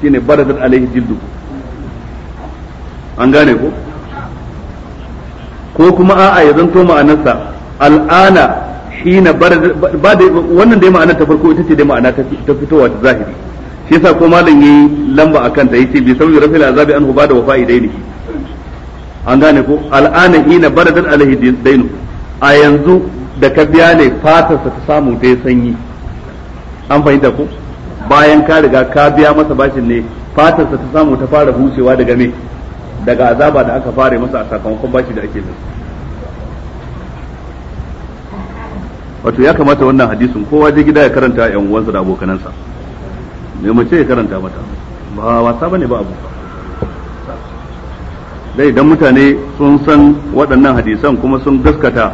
shine baradat alaihi jildu an gane ko ko kuma a'a ya zanto ma'anarsa al'ana shine ba da wannan dai ma'anar ta farko ita ce dai ma'ana ta fitowa ta zahiri shi yasa ko malam yayi lamba akan ta yace bi sabbi rafil azabi anhu ba da wafa'i daini an gane ko al'ana hina baradat alaihi dainu a yanzu da ka biya ne fatarsa ta samu ta sanyi an fahimta ko bayan ka riga ka biya masa bashin ne fatarsa ta samu ta fara hucewa daga me daga azaba da aka fara masa a sakamakon bashi da ake yi wato ya kamata wannan hadisin kowa je gida ya karanta yan uwansa da abokanansa me mace ya karanta mata ba wasa bane ba abu dai idan mutane sun san waɗannan hadisan kuma sun gaskata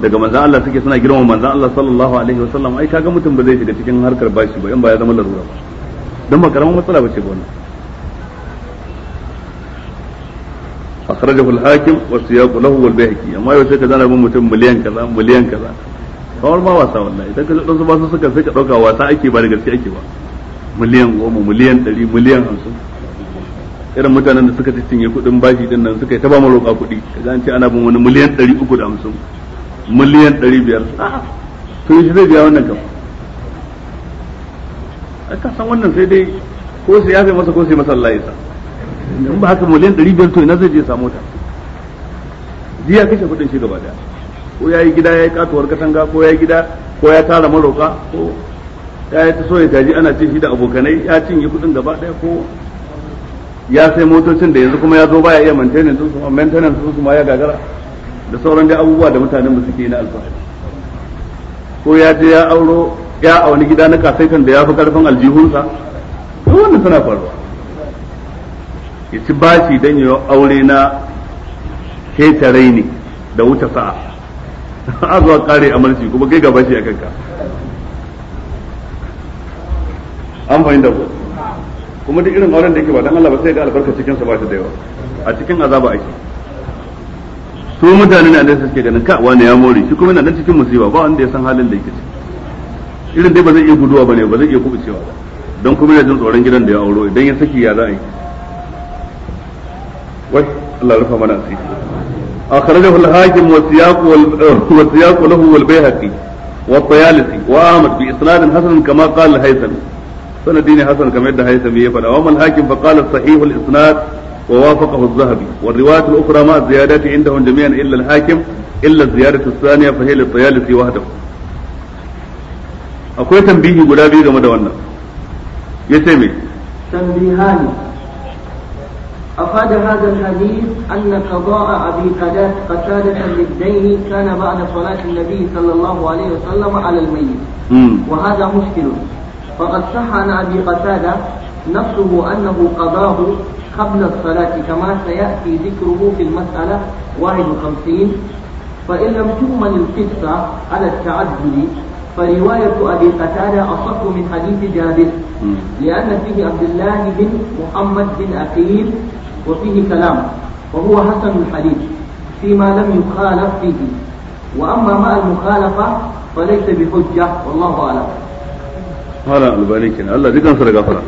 daga manzan Allah suke suna girmama manzan Allah sallallahu alaihi wasallam ai kaga mutum ba zai shiga cikin harkar bashi ba in ba ya zama larura ba dan ba karaman matsala bace ba wannan akhrajahu al-hakim wa siyaqu lahu wal bayhaqi amma yau sai ka zana mun mutum miliyan kaza miliyan kaza kawar ma wasa wallahi idan ka zo su ba su suka sai ka dauka wasa ake ba da gaske ake ba miliyan goma miliyan ɗari miliyan hamsin irin mutanen da suka cinye kudin bashi din nan suka yi ta ba mu roƙa kuɗi kaga an ce ana bin wani miliyan ɗari uku da hamsin miliyan 500 ah, to shi zai biya wannan kam a san wannan sai dai ko sai ya fi masa ko sai masa Allah ya sa in ba haka miliyan 500 to ina zai je samu ta jiya kashe kudin shi gaba daya ko ya yi gida ya yi katuwar katanga ko ya yi gida ko ya tara maroka ko ya yi ta soya taji ana cin shi da abokanai ya cinye kudin gaba daya ko ya sai motocin da yanzu kuma ya zo baya iya maintenance su maintenance su ma ya gagara da sauran da abubuwa da mutanen mu suke na alfahari ko ya je ya auro ya a wani gida na kasaitan da ya fi karfin aljihunsa to wannan suna faruwa ya ci bashi don yi aure na ketare ne da wuce sa'a a zuwa kare amarci kuma kai ga bashi a kanka an fahimta ko kuma duk irin auren da yake ba don Allah ba sai ga albarka cikin sa ba ta da yawa a cikin azaba ake su mutane na nesa suke ganin ka wani ya more shi kuma yana nan cikin musiba ba wanda ya san halin da yake ciki irin dai ba zai iya guduwa ba ne ba zai iya kubucewa ba don kuma yana jin tsoron gidan da ya auro idan ya saki ya za a yi wai Allah rufa mana asiri akhrajahu al-hakim wa siyaq wa siyaq lahu wal bayhaqi wa tayalisi wa ahmad bi isnad hasan kama qala al-haythami sanadin hasan kama yadda haythami ya fada wa al-hakim fa qala sahih al-isnad ووافقه الذهبي والروايه الاخرى ما الزيادات عندهم جميعا الا الحاكم الا الزياده الثانيه فهي للطيالسي وحده akwai tambihi guda biyu game da wannan ya ce mai tambihani a fada hadar hadis an na kaba a abi kasa da tambidaini kana ba da salatin nabi sallallahu alaihi wasallam a alalmai wa hada muskilu fa kasa hana abi kasa نفسه أنه قضاه قبل الصلاة كما سيأتي ذكره في المسألة 51 فإن لم تؤمن القصة على التعدد فرواية أبي قتادة أصح من حديث جابر لأن فيه عبد الله بن محمد بن أقيل وفيه كلام وهو حسن الحديث فيما لم يخالف فيه وأما مع المخالفة فليس بحجة والله أعلم malam albani kenan Allah dukan su da gafara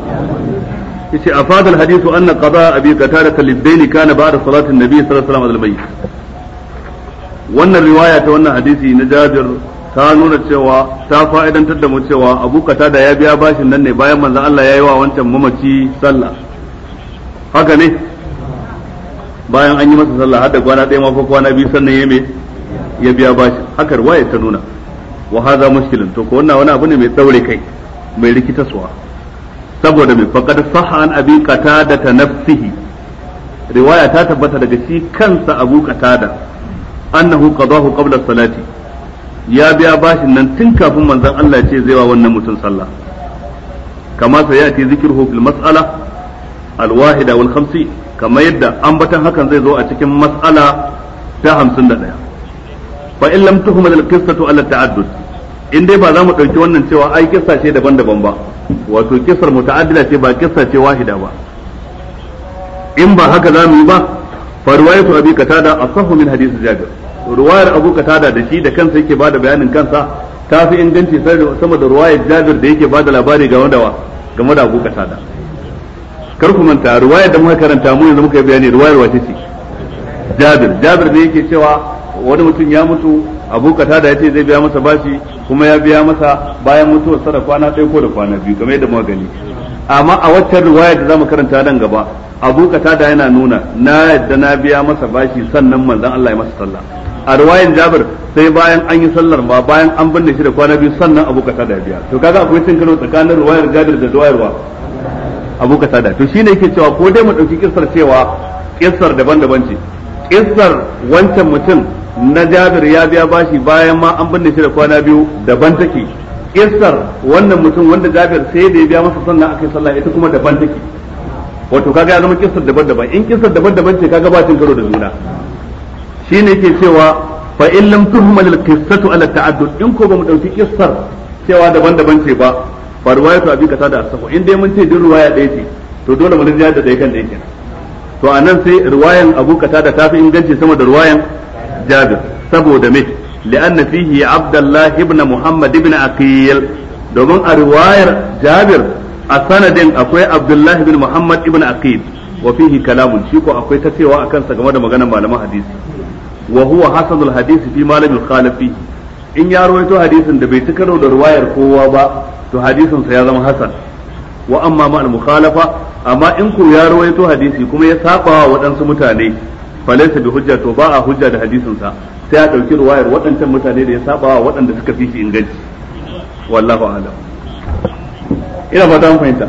yace afad al hadithu anna qada abi qatada liddain kana ba'da salatin nabi sallallahu alaihi wasallam al mayyit wannan riwaya ta wannan hadisi na Jabir ta nuna cewa ta fa'idantar da mu cewa Abu da ya biya bashin nan ne bayan manzon Allah ya yi wa wancan mamaci sallah haka ne bayan an yi masa sallah har da kwana ɗaya ma ko kwana biyu sannan ya ya biya bashin haka riwaya ta nuna wa hadha to ko wannan wani abu ne mai daure kai mai rikitaswa saboda mai faqad saha an abi qatada ta nafsihi riwaya ta tabbata daga shi kansa abu da annahu qadahu qabla salati ya biya bashin nan tun kafin manzon Allah ya ce zai wa wannan mutum sallah kama sai ya ce zikirhu fil mas'ala alwahida wal khamsi kama yadda ambatan hakan zai zo a cikin mas'ala ta 51 fa in lam tuhmal al qissatu ala ta'addud in dai ba za mu ɗauki wannan cewa ai kissa ce daban-daban ba wato kissar muta'addila ce ba kissa ce wahida ba in ba haka za mu yi ba fa riwayatu abi qatada asahhu min hadith jabir Ruwayar abu qatada da shi da kansa yake bada bayanin kansa ta fi inganci sama da ruwayar jabir da yake bada labari game da wa game da abu qatada kar ku manta ruwayar da muka karanta mu yanzu muka yi bayani ruwayar wace ce jabir jabir ne yake cewa wani mutum ya mutu abu da ya ce zai biya masa bashi kuma ya biya masa bayan mutuwar sa da kwana ɗaya ko da kwana biyu kamar yadda muka gani amma a waccan riwaya da zamu karanta nan gaba abu kata da yana nuna na yadda na biya masa bashi sannan manzon Allah ya masa sallah a riwayan Jabir sai bayan an yi sallar ma bayan an binne shi da kwana biyu sannan abu kata ya biya to kaga akwai cin karo tsakanin riwayar Jabir da riwayarwa abu kata da to shine yake cewa ko dai mu dauki kissar cewa kissar daban-daban ce kissar wancan mutum na Jabir ya biya bashi bayan ma an binne shi da kwana biyu daban take kissar wannan mutum wanda Jabir sai da ya biya masa sannan akai sallah ita kuma daban take wato kaga ya zama kissar daban-daban in kissar daban-daban ce kaga ba cin karo da juna shine yake cewa fa in lam tuhmal al qissatu ala ta'addud in ko ba mu dauki kissar cewa daban-daban ce ba fa riwayatu abi kata da asafu in dai mun ce din riwaya ɗaya ce to dole mu rinja da ɗaya kan ɗaya kenan to anan sai riwayan abu kata da fi inganci sama da riwayan jabir saboda me li'anna fihi abdullah ibn muhammad ibn aqil domin a riwayar jabir a sanadin akwai abdullah ibn muhammad ibn aqil wa fihi kalamun shi akwai ta cewa akan sa game da magana malaman hadisi wa hadisi al-khalafi in ya rawaito hadisin da bai ci karo da riwayar kowa ba to hadisin sa ya zama hasan wa amma ma al-mukhalafa amma in ku ya rawaito hadisi kuma ya saba wa waɗansu mutane falaysa bi hujja to ba a hujja da hadisin sa sai a dauki ruwayar waɗancan mutane da ya saba wa waɗanda suka fi shi inganci wallahu a'lam ina fata mun fahimta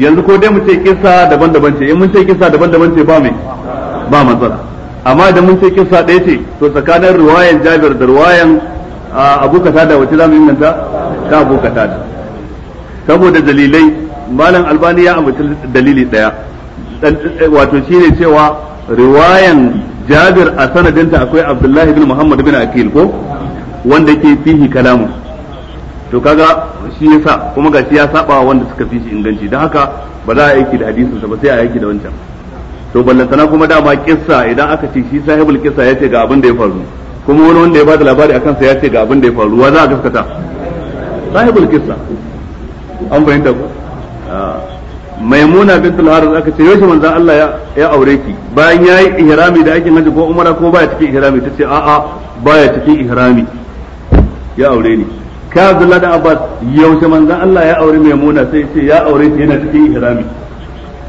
yanzu ko dai mu ce kissa daban-daban ce in mun ce kissa daban-daban ce ba mai ba matsala amma idan mun ce kissa ɗaya ce to tsakanin ruwayan Jabir da ruwayan Abu Katada wace zamu inganta ta Abu Katada saboda dalilai malam Albani ya ambaci dalili daya eh, wato shine cewa riwayan jabir a sanadinta akwai abdullahi bin muhammad bin akil ko wanda ke fihi kalamu to kaga shi yasa kuma ga shi ya saba wanda suka fi shi inganci don haka ba za a aiki da hadisin sa ba sai a aiki da wancan to ballantana kuma dama kissa idan aka ce shi sahibul kissa ya ce ga abin da ya faru kuma wani wanda ya bada labari akan sa ya ce ga abin da ya faru wa za a gaskata sahibul kissa an bayyana ko. Ah. maimuna bintul haris aka ce yaushe manzon Allah ya aure ki bayan yayi ihrami da aikin haji ko umara ko baya cikin ihrami tace a'a baya cikin ihrami ya aure ni ka Abdullah da Abbas yaushe manzon Allah ya aure maimuna sai ce ya aure ki? yana cikin ihrami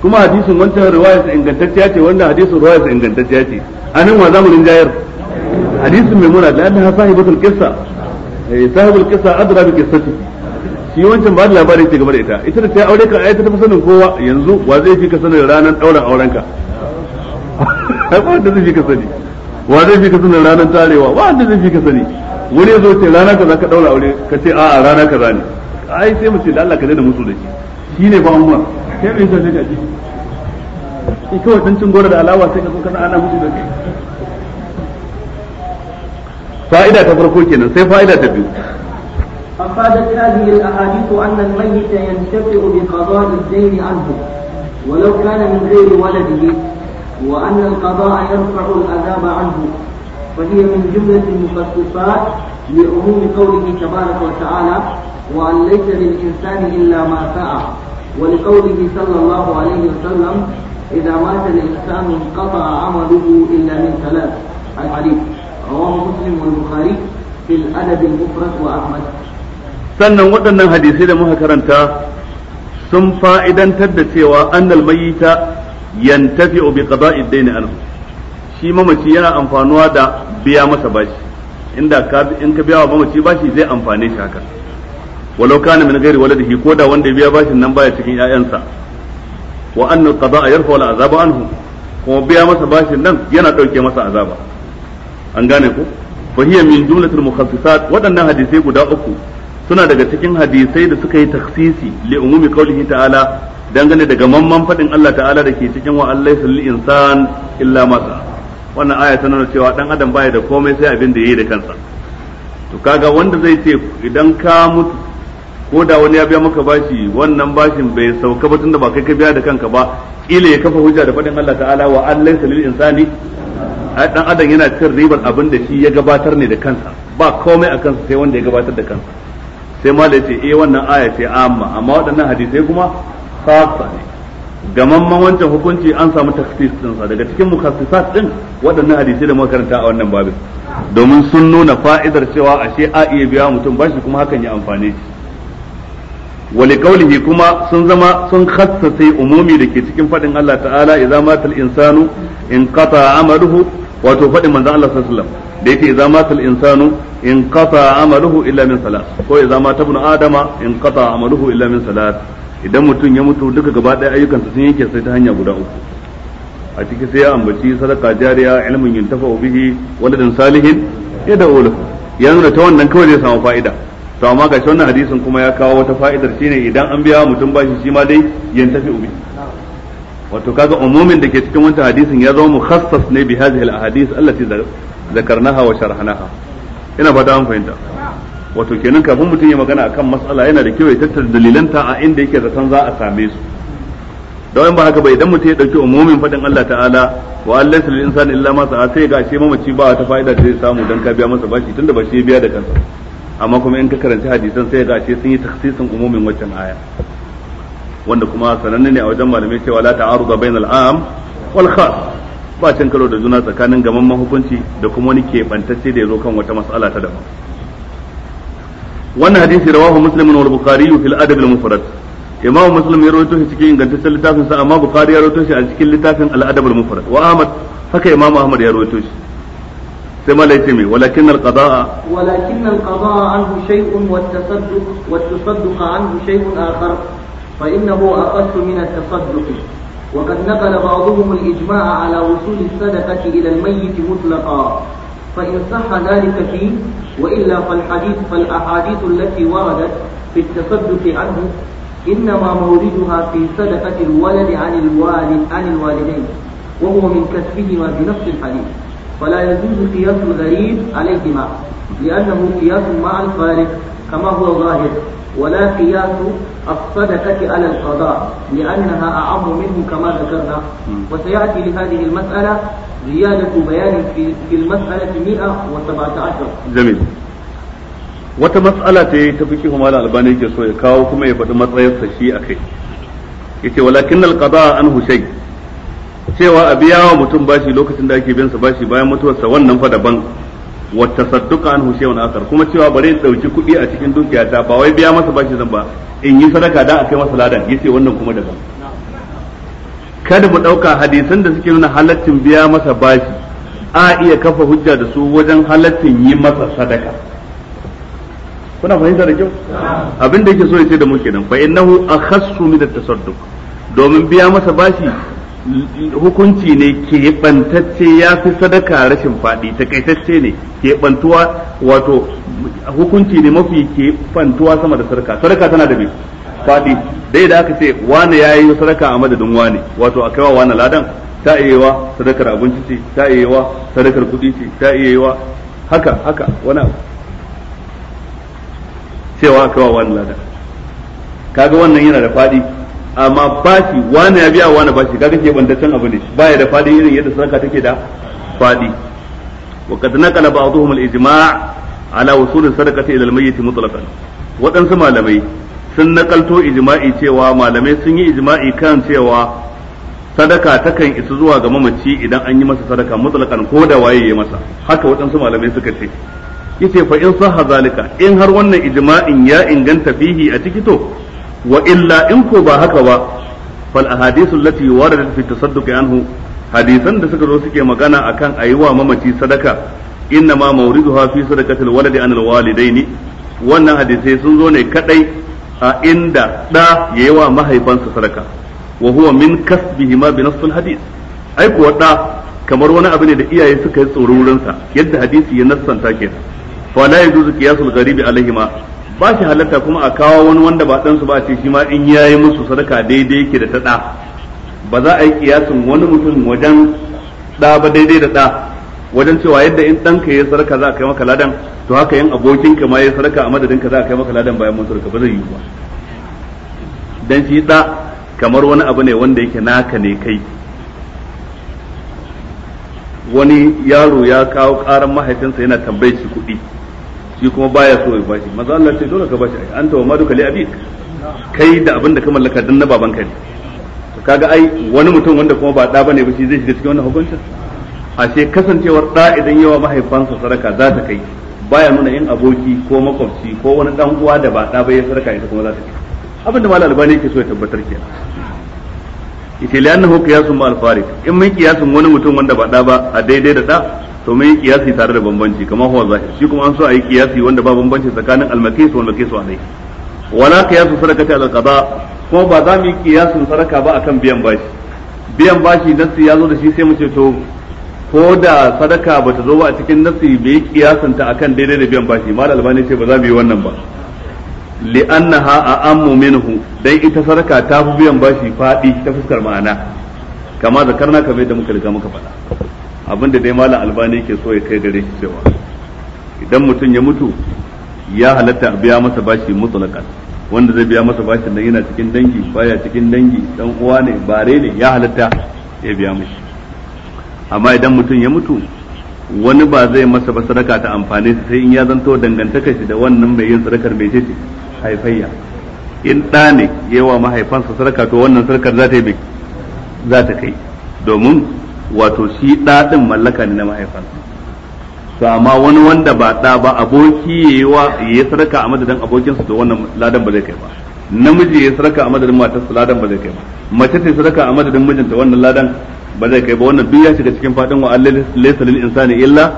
kuma hadisin wancan riwayar sa ingantacciya ce wanda hadisin riwayar sa ingantacciya ce anan wa zamu rinjayar hadisin maimuna da annaha sahibatul qissa eh, sahibul qissa adra bi qissatihi shi wancan ba da labarin yake game da ita ita da ta aure ka ai ta tafi sanin kowa yanzu wa zai fi ka sanin ranar dauran auren ka ai ba da zai fi ka sani wa zai fi ka sanin ranar tarewa wa da zai fi ka sani wani ya zo ce rana kaza ka daura aure ka ce a a rana kaza ne ai sai mu ce da Allah ka daina musu da shi shine ba umma kai bin ta daga ji shi kawai dan cin gora da alawa sai ka zo kana ana musu da shi fa'ida ta farko kenan sai fa'ida ta biyu أفادت هذه الأحاديث أن الميت ينتفع بقضاء الدين عنه ولو كان من غير ولده وأن القضاء يرفع العذاب عنه فهي من جملة المخصصات لعموم قوله تبارك وتعالى وأن ليس للإنسان إلا ما سعى ولقوله صلى الله عليه وسلم إذا مات الإنسان انقطع عمله إلا من ثلاث الحديث رواه مسلم والبخاري في الأدب المفرد وأحمد sannan waɗannan hadisai da muka karanta sun fa'idantar da cewa annal mayyita yantafi bi qada'i daini anhu shi mamaci yana amfanuwa da biya masa bashi inda ka in ka biya wa mamaci bashi zai amfane shi haka walau kana min ghairi waladihi ko da wanda ya biya bashin nan baya cikin ƴaƴansa wa annal qada'a yarfa wal azaba anhu kuma biya masa bashin nan yana dauke masa azaba an gane ko fa hiya min jumlatul mukhassisat waɗannan hadisai guda uku suna daga cikin hadisai da suka yi taksisi li umumi qaulihi ta'ala dangane daga mamman fadin Allah ta'ala da ke cikin wa Allah insan illa masa wannan aya tana cewa dan adam baya da komai sai abin da yayi da kansa to kaga wanda zai ce idan ka mutu ko da wani ya biya maka bashi wannan bashin bai sauka ba tunda ba kai ka biya da kanka ba ile ya kafa hujja da fadin Allah ta'ala wa Allah lil insani dan adam yana cin ribar abin da shi ya gabatar ne da kansa ba komai a kansa sai wanda ya gabatar da kansa sai ma da ce eh wannan aya ce amma amma waɗannan hadisai kuma khassa ne gamamman wancan hukunci an samu takhsis din sa daga cikin mukhassisat din waɗannan hadisai da muka karanta a wannan babin domin sun nuna fa'idar cewa ashe a iya biya mutum bashi kuma hakan ya amfane shi wali kaulihi kuma sun zama sun khassasai umumi da ke cikin faɗin Allah ta'ala idza matal insanu in qata amaluhu wato faɗin manzon Allah sallallahu alaihi wasallam da yake idza matal insanu in qata amaluhu illa min salat ko idza mata ibnu adama in qata amaluhu illa min salat idan mutum ya mutu duka gaba ɗaya ayyukansa sun yanke sai ta hanya guda uku a ciki sai ya ambaci sadaka jariya ilmin yuntafa bihi waladan salihin ya da lahu ya nuna ta wannan kawai zai samu fa'ida to amma ga wannan hadisin kuma ya kawo wata fa'idar shine idan an biya mutum bashi shi ma dai yantafi bihi wato kaga umumin da ke cikin wancan hadisin ya zama mukhassas ne bi hadhihi al ahadith allati zakarnaha wa sharhnaha ina fata an fahimta wato kenan kafin mutum ya magana akan mas'ala yana da kyau ya tattara dalilanta a inda yake zaton za a same su da ba haka ba idan mutum ya dauki umumin fadin Allah ta'ala wa allaysa lil insani illa ma sa'a sai ga ashe mamaci ba ta fa'ida da zai samu dan ka biya masa bashi tunda ba shi ya biya da kansa amma kuma in ka karanci hadisan sai ga sun yi takhsisin umumin waccan aya wanda kuma sananne ne a wajen malamai cewa la ta'aruda bainal am wal khas ba can karo da juna tsakanin gamamman hukunci da kuma wani ke keɓantacce da ya zo kan wata mas'ala ta daban wannan hadisi rawahu muslim wal bukhari fil adab al mufrad imam muslim ya rawaito shi cikin ingantaccen littafin sa amma bukhari ya rawaito shi a cikin littafin al adab al mufrad wa ahmad haka imam ahmad ya rawaito shi sai ma laifi mai walakin al qada'a walakin al qada'a anhu shay'un wat tasadduq wat tasadduq anhu shay'un akhar فإنه أقل من التصدق وقد نقل بعضهم الإجماع على وصول الصدقة إلى الميت مطلقا فإن صح ذلك فيه وإلا فالحديث فالأحاديث التي وردت في التصدق عنه إنما موردها في صدقة الولد عن الوالد عن الوالدين وهو من كسبهما بنفس الحديث فلا يجوز قياس الغريب عليهما لأنه قياس مع الفارق كما هو ظاهر ولا قياس الصدقة على القضاء لأنها أعم منه كما ذكرنا وسيأتي لهذه المسألة زيادة بيان في المسألة 117 جميل wata matsala ce ta fi kuma da albani ke so ya kawo kuma ya faɗi matsayarsa shi a kai Ya ce walakin alqada an hushai cewa a biya wa mutum bashi lokacin da ake bin sa bashi bayan mutuwarsa wannan fa daban wa tasadduqa anhu shay'un akhar kuma cewa bare ya dauki kuɗi a cikin dukiyata ba wai biya masa bashi zan ba in yi sadaka da akai masa ladan yace wannan kuma daga. kada mu dauka hadisan da suke nuna halaccin biya masa bashi a iya kafa hujja da su wajen halaccin yi masa sadaka kuna fahimta da kyau abin da yake so ya ce da mu kenan fa innahu akhassu min at-tasadduq domin biya masa bashi hukunci ne keɓantacce ya fi sadaka rashin faɗi takaitacce ne keɓantuwa wato hukunci ne mafi keɓantuwa sama da sadaka sadaka tana da mai faɗi dai da aka ce wane ya yi sadaka a madadin wane wato a kaiwa wane ladan ta wa sadakar abinci ce ta wa sadakar kuɗi ce ta wa haka haka wani abu cewa a kaiwa wane ladan kaga wannan yana da faɗi amma bashi wani ya biya wani bashi kaga ke bandacin abu ne baya da fadi irin yadda sarka take da fadi wa qad naqala ba'dhum al-ijma' ala wusul sadaqati ila al-mayyit mutlaqan Waɗansu malamai sun nakalto ijma'i cewa malamai sun yi ijma'i kan cewa sadaka takan isa zuwa ga mamaci idan an yi masa sadaka mutlaqan ko da waye ya masa haka waɗansu malamai suka ce yace fa in sahha zalika in har wannan ijma'in ya inganta fihi a ciki to wa illa in ko ba haka ba fal ahadithu allati waradat fi tasadduqi anhu hadisan da suka zo suke magana akan ayi wa mamaci sadaka inna ma mawriduha fi sadaqatil waladi anil walidaini wannan hadisai sun zo ne kaɗai a inda ɗa yayi wa mahaifansa sadaka wa huwa min kasbihi ma bi nasl hadith ai kuwa da kamar wani abu ne da iyaye suka yi tsoro yadda hadisi ya nassanta ke fa la yajuzu qiyasul gharibi alaihima ba shi halatta kuma a kawo wani wanda ba ɗansu ba ce shi ma in ya yi musu sadaka daidai yake da ta ɗa ba za a yi kiyasin wani mutum wajen ɗa ba daidai da ɗa wajen cewa yadda in ɗanka ya sadaka za a kai maka ladan to haka yin abokinka ma ya sadaka a madadinka za a kai maka ladan bayan mutuwarka ba zai yi ba dan shi ɗa kamar wani abu ne wanda yake naka ne kai wani yaro ya kawo ƙaran mahaifinsa yana tambayar shi kuɗi shi kuma baya so ya bashi maza Allah ce dole ka bashi ai anta wa maduka li abik kai da abin da ka mallaka dan na baban ka ne to kaga ai wani mutum wanda kuma ba da bane ba shi zai shiga cikin wannan hukuncin ashe kasancewar da idan yawa mahaifansa saraka za ta kai baya nuna yin aboki ko makwabci ko wani dan uwa da ba da ba saraka ita kuma za ta kai abin da malal albani yake so ya tabbatar ke ita li'annahu qiyasun ma al-farid in mun qiyasun wani mutum wanda ba da ba a daidai da da to mai kiyasi tare da bambanci kama huwa zahir shi kuma an so a yi kiyasi wanda ba bambanci tsakanin almakis wal makis alai wala qiyasu sadaqati al qada kuma ba za mu yi kiyasin sadaka ba akan biyan bashi biyan bashi nasi ya zo da shi sai mu ce to ko da sadaka ba ta zo ba a cikin nasi bai kiyasin ta akan daidai da biyan bashi mal albani ce ba za mu yi wannan ba li'annaha a'ammu minhu dai ita sadaka ta fi biyan bashi fadi ta fuskar ma'ana kama zakarna kamar yadda muka riga muka faɗa abin da dai malam albani ke so ya kai gare shi cewa idan mutum ya mutu ya halatta a biya masa bashi mutlaka wanda zai biya masa bashin nan yana cikin dangi baya cikin dangi dan uwa ne bare ne ya halatta ya biya mishi amma idan mutum ya mutu wani ba zai masa ba sadaka ta amfani sai in ya zanto dangantaka shi da wannan mai yin sadakar mai ce haifayya in ɗa ne yawa mahaifansa sadaka to wannan sadakar za ta yi za ta kai domin wato shi ɗaɗin mallaka ne na mahaifansa to amma wani wanda ba ɗa ba aboki yayi wa yayi a madadin abokinsa to wannan ladan ba zai kai ba namiji ya sarka a madadin matarsa ladan ba zai kai ba mace ta sarka a madadin mijinta wannan ladan ba zai kai ba wannan duk ya shiga cikin fadin wa Allah laysa lil insani illa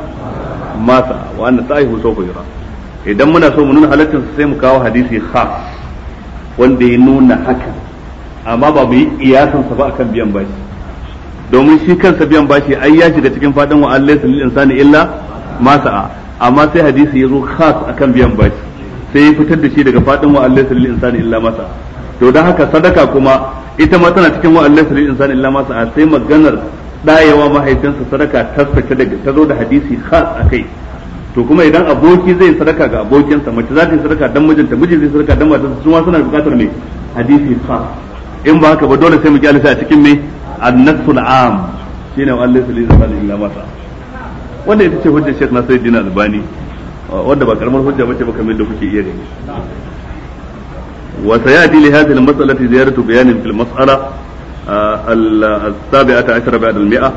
ma sa'a wa anna sa'ihu sawfa yura idan muna so mu nuna halaccin sai mu kawo hadisi khas wanda ya nuna haka. amma ba mu yi sa ba akan biyan bashi domin shi kansa biyan bashi ai ya shiga cikin fadin wa Allah lil insani illa ma sa'a amma sai hadisi yazo khas akan biyan bashi sai ya fitar da shi daga fadin wa Allah lil insani illa ma sa'a to dan haka sadaka kuma ita ma tana cikin wa Allah lil insani illa ma sa'a sai maganar dayewa mahaifinsa sadaka ta fita daga ta zo da hadisi khas akai to kuma idan aboki zai sadaka ga abokinsa mace za ta yi sadaka dan mijinta miji zai sadaka dan matarsa su ma suna bukatar ne hadisi khas in ba haka ba dole sai mu kyalisa a cikin me annasul am shine wa Allah sallallahu alaihi illa mata wanda ita ce hujjar Sheikh Nasiruddin Albani wanda ba karamar hujja bace ba kamar da kuke iya gani wa sayati li hadhihi al-mas'alati ziyaratu bayanin fil mas'ala al-sabi'ata ashara ba'da al-mi'a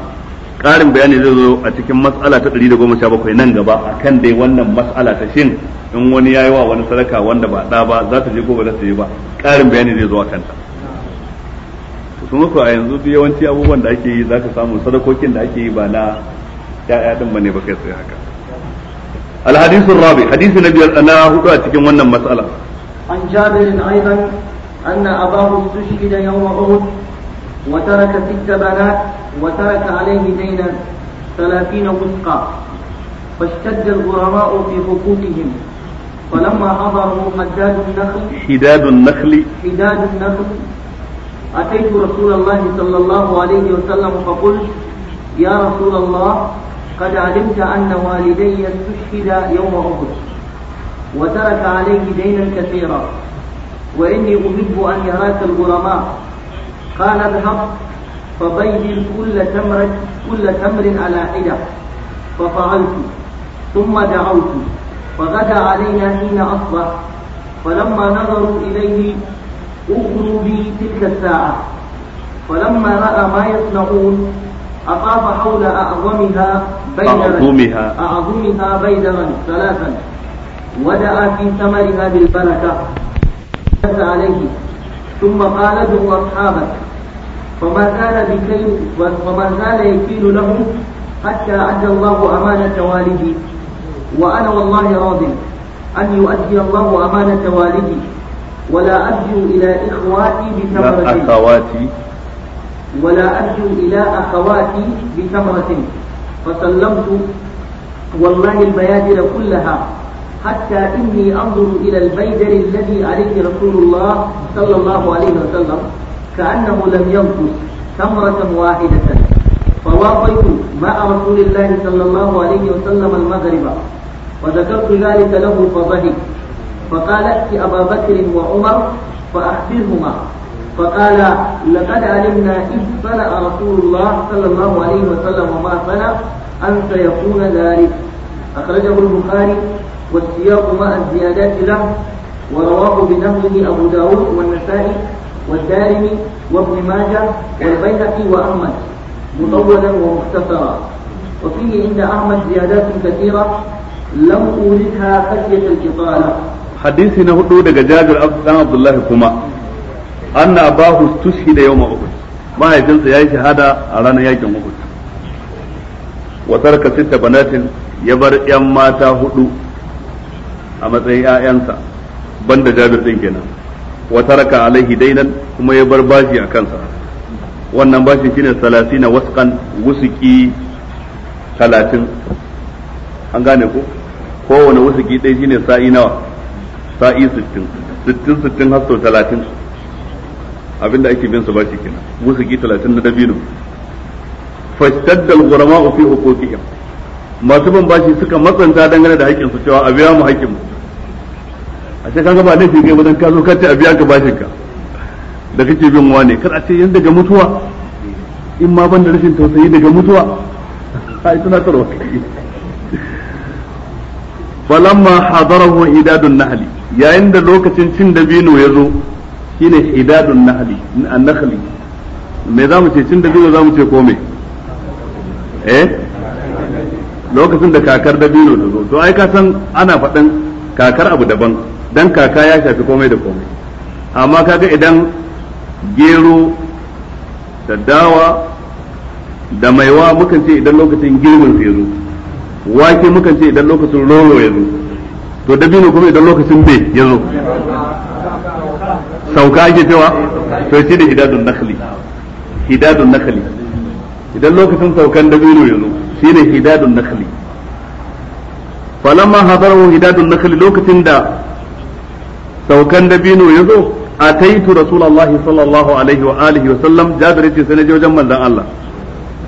karin bayani zai zo a cikin mas'ala ta 117 nan gaba akan dai wannan mas'ala ta shin in wani yayi wa wani sadaka wanda ba da ba za je ba bayani zai zo a kanta su muku a yanzu duk yawanci abubuwan da ake yi zaka samu sadakokin da ake yi ba na ya'ya din bane ba kai tsaye haka الحديث الرابع حديث النبي أنا هو أتكلم عن مسألة عن جابر أيضا أن أباه استشهد يوم أحد وترك ست بنات وترك عليه دينا ثلاثين وثقا فاشتد الغرماء في حقوقهم فلما حضره حداد النخل حداد النخل حداد النخل أتيت رسول الله صلى الله عليه وسلم فقلت يا رسول الله قد علمت أن والدي استشهد يوم أحد وترك عليه دينا كثيرا وإني أحب أن يراك الغرماء قال اذهب فبين كل تمرة كل تمر على حدة ففعلت ثم دعوت فغدا علينا حين أصبح فلما نظروا إليه اغدوا بي تلك الساعة فلما رأى ما يصنعون أطاف حول أعظمها بيدرا أعظمها أعظمها بيدرا ثلاثا ودعا في ثمرها بالبركة عليه ثم قال ادعوا أصحابك فما زال بكيل وما زال يكيل له حتى أدى الله أمانة والدي وأنا والله راض أن يؤدي الله أمانة والدي ولا أرجو إلى إخواتي بثمرة أخواتي ولا أرجو إلى أخواتي بثمرة فسلمت والله البيادر كلها حتى إني أنظر إلى البيدر الذي عليه رسول الله صلى الله عليه وسلم كأنه لم ينقص ثمرة واحدة فواقيت مع رسول الله صلى الله عليه وسلم المغرب وذكرت ذلك له فضحك فقال ائت أبا بكر وعمر فأخبرهما فقال لقد علمنا إذ صنع رسول الله صلى الله عليه وسلم وما صنع أن سيكون ذلك أخرجه البخاري والسياق مع الزيادات له ورواه بنفسه أبو داود والنسائي والدارمي وابن ماجه والبيهقي وأحمد مطولا ومختصرا وفيه عند أحمد زيادات كثيرة لم أوردها خشية الإطالة hadisi na hudu daga Jabir dan Abdullahi kuma anna abahu tushhida yawma Uhud mahaifinsa yayi shahada a ranar yakin Uhud wa taraka sitta banatin ya bar yan mata hudu a matsayin ƴaƴansa banda Jabir din kenan wa taraka alaihi dainan kuma ya bar bashi a kansa wannan bashi shine 30 wasqan wusuki 30 an gane ko kowane wusuki ɗaya shine sa'i nawa sa'i 60 60 har sau 30 abinda ake bin su ba shi kenan musu ki 30 na dabino fashaddal gurama fi huquqihim masu ban bashi suka matsanta dangane da haƙƙin su cewa a biya mu haƙƙin mu a ce kaga ba laifi kai wajen ka zo ka ce a biya ka ka da kake bin wane kar a ce yan daga mutuwa in ma ban da rashin tausayi daga mutuwa ai suna tarwa kai falamma hadarahu idadun nahli yayin da lokacin cin dabino ya zo shine idadun nahli an-nakhli me zamu ce cin dabino zamu ce ko me eh lokacin da kakar dabino ta zo to ai ka san ana faɗan kakar abu daban dan kaka ya shafi komai da komai amma kaga idan gero da dawa da maiwa mukan ce idan lokacin girmin su ya zo wake mukan ce idan lokacin roro ya zo to dabino kuma idan lokacin bai ya zo sauka ake cewa to shi da hidadun nakhli hidadun nakhli idan lokacin saukan dabino ya zo shi ne hidadun nakhli falamma hadarahu hidadun nakhli lokacin da saukan dabino ya zo ataitu rasulullahi sallallahu alaihi wa alihi wa sallam jabir yace sai na je wajen manzon Allah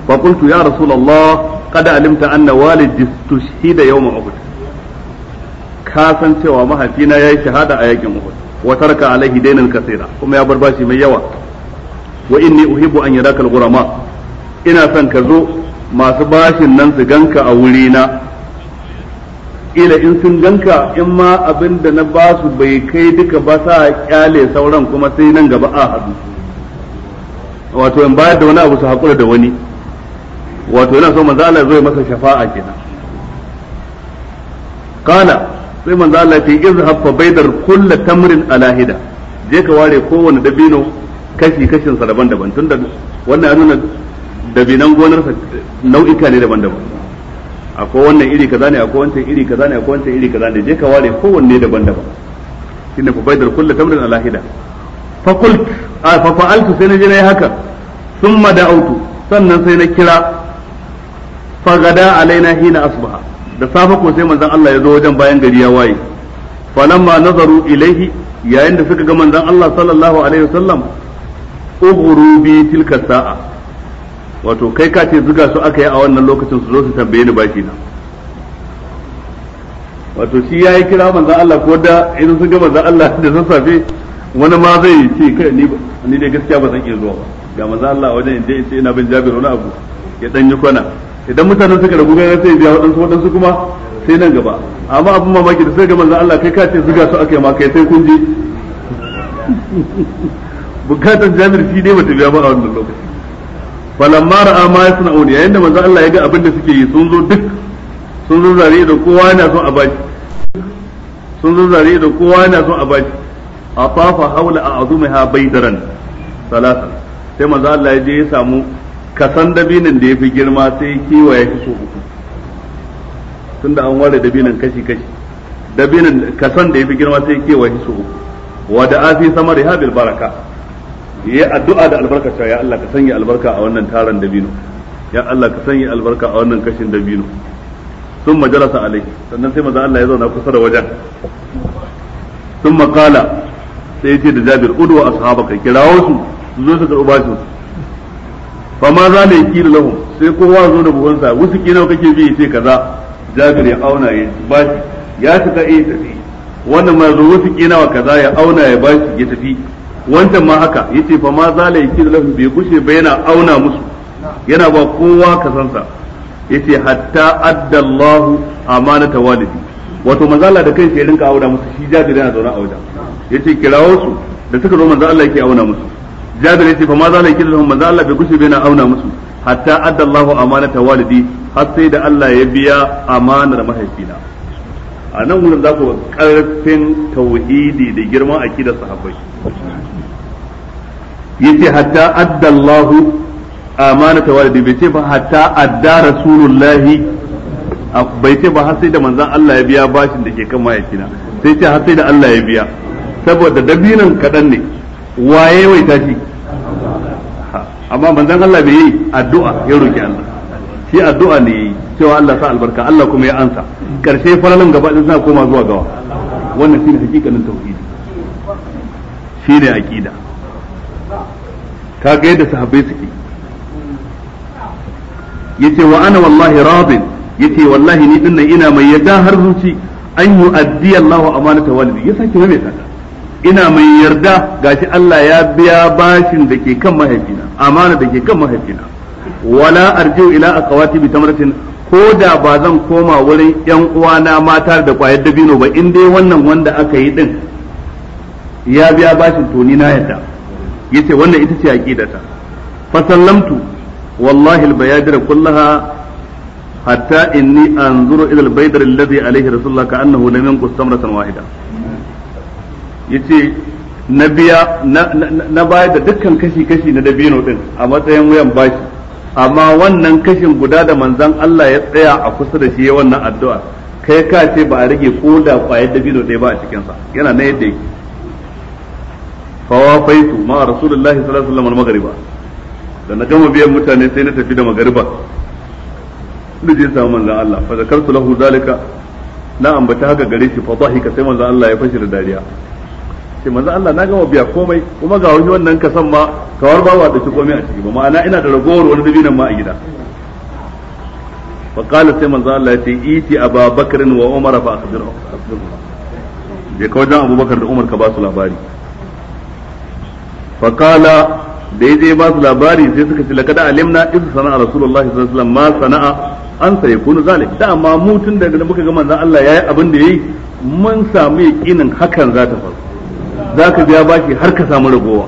fa qultu ya rasulullah kada alimta anna walidi tushhida yawma uhud ka san cewa mahaifina yayi shahada a yakin uhud wa tarka alaihi dainan kaseera kuma ya bar bashi mai yawa wa inni uhibbu an yaraka al ina san ka zo masu bashin nan su ganka a wuri na ila in sun ganka in ma abinda na basu bai kai duka ba sa kyale sauran kuma sai nan gaba a hadu wato in bayar da wani abu su hakura da wani wato yana so manzo Allah zai masa shafa'a kenan kana sai manzo Allah ya izhab fa baydar kullu tamrin ala hida je ka ware kowanne dabino kashi kashin sa daban-daban tunda wannan an nuna dabinan gonar sa nau'ika ne daban-daban akwai wannan iri kaza ne akwai wancan iri kaza ne akwai wancan iri kaza ne je ka ware kowanne daban-daban shine fa baydar kullu tamrin ala hida fa qult fa fa'altu sai na je na yi haka thumma da'awtu sannan sai na kira fagada alaina hina asbaha da safe ko sai manzon Allah ya zo wajen bayan gari ya waye falamma nazaru ilaihi yayin da suka ga manzon Allah sallallahu alaihi wasallam ughuru bi tilka sa'a wato kai ka ce zuga su aka yi a wannan lokacin su zo su tambaye ni baki na wato shi yayi kira manzon Allah ko da idan sun ga manzon Allah da safe wani ma zai ce kai ni ni dai gaskiya ba zan iya zuwa ba ga manzon Allah wajen yace ina bin Jabir wani abu ya dan yi kwana idan mutanen suka ragu gaya sai biya waɗansu waɗansu kuma sai nan gaba amma abin mamaki da sai ga manzon Allah kai ka ce zuga su akai ma kai sai kun ji bukatan jami'ar shi dai bata biya ba a wannan lokaci falamma ra'a ma yasna'un yayin da manzo Allah ya ga abin da suke yi sun zo duk sun zo zare da kowa yana son a baki sun zo zare da kowa yana son a baki a fafa haula a azumiha baydaran salasa sai manzo Allah ya je ya samu ka san dabinin da ya fi girma sai kiwa shi so uku tunda an ware dabinin kashi kashi dabinin ka san da ya fi girma sai kiwa shi so uku a fi samar ya bil baraka ya addu'a da albarka cewa ya Allah ka sanya albarka a wannan taron dabino ya Allah ka sanya albarka a wannan kashin dabino sun majalasa alai sannan sai maza Allah ya zauna kusa da wajen sun makala sai ya ce da jabir udu ashabaka kirawo su su zo su karɓi bashin su fa ma za la yakila lahum sai kowa zo da buhunsa wasu kina kake bi sai kaza jabir ya auna ya bashi ya tuka eh tafi wannan ma zo wasu kina wa kaza ya auna ya bashi ya tafi wancan ma haka yace fa ma za la yakila lahum bai kushe ba yana auna musu yana ba kowa kasansa yace hatta adda Allahu amanata walidi wato Manzala da kai sai rinka auna musu shi jabir yana zaune a wajen yace kirawo su da suka zo manzo Allah yake auna musu jabir yace fa ma zalai kidahum manzo Allah bai gushe bai na auna musu hatta adda Allahu amanata walidi har sai da Allah ya biya amanar mahaifina a nan wurin za ku karfin tauhidi da girman akidar sahabbai yace hatta adda Allahu amanata walidi bai ce ba hatta adda rasulullahi bai ce ba har sai da manzon Allah ya biya bashin da ke kan mahaifina sai ce har sai da Allah ya biya saboda dabinan kadan ne waye wai tashi amma manzon Allah bai yi addu'a ya roki Allah shi addu'a ne cewa Allah sa albarka Allah kuma ya ansa karshe faralin gaba din sa koma zuwa gawa wannan shine hakikanin tauhidi shine aqida kaga yadda sahabbai suke yace wa ana wallahi radin yace wallahi ni dinnan ina mai yadda har zuci an yu'addi Allahu amanata walidi ya sake mai tsaka. ina mai yarda ga shi Allah ya biya bashin da ke kan mahaifina amana da ke kan mahaifina wala arji'u ila aqwati bi tamratin ko da ba zan koma wurin yan uwana mata da kwayar dabino ba in dai wannan wanda aka yi din ya biya bashin to ni na yarda yace wannan ita ce aqidata fa sallamtu wallahi albayadira kullaha hatta inni anzuru ila albaydar alladhi alayhi rasulullah ka annahu lam yanqus tamratan wahida yace na biya na bayar da dukkan kashi-kashi na dabino din a matsayin wuyan bashi amma wannan kashin guda da manzan Allah ya tsaya a kusa da shi ya wannan addu'a kai ka ce ba a rage ko da kwayar dabino ɗaya ba a cikinsa yana na yadda yake fawa faitu ma rasulullahi sallallahu alaihi wasallam magariba da na gama biyan mutane sai na tafi da magariba da je samu manzan Allah fa zakartu lahu zalika na ambata haka gare shi fa dhahika sai manzan Allah ya fashi da dariya ce manzo Allah na gama biya komai kuma ga wani wannan kasan ma kawar ba wa dauki komai a ciki ba ma'ana ina da ragowar wani nan ma a gida fa qala sai manzo Allah ya ce iti bakarin wa umar fa akhbiru je ka wajen abubakar da umar ka ba su labari fa qala da yaje ba su labari sai suka ce laqad alimna iz sana'a rasulullahi sallallahu alaihi wasallam ma sana'a an sai kunu zalik da amma mutun daga muka ga manzo Allah yayi abin da yayi mun samu yakinin hakan za ta faru za ka biya bashi har ka samu ragowa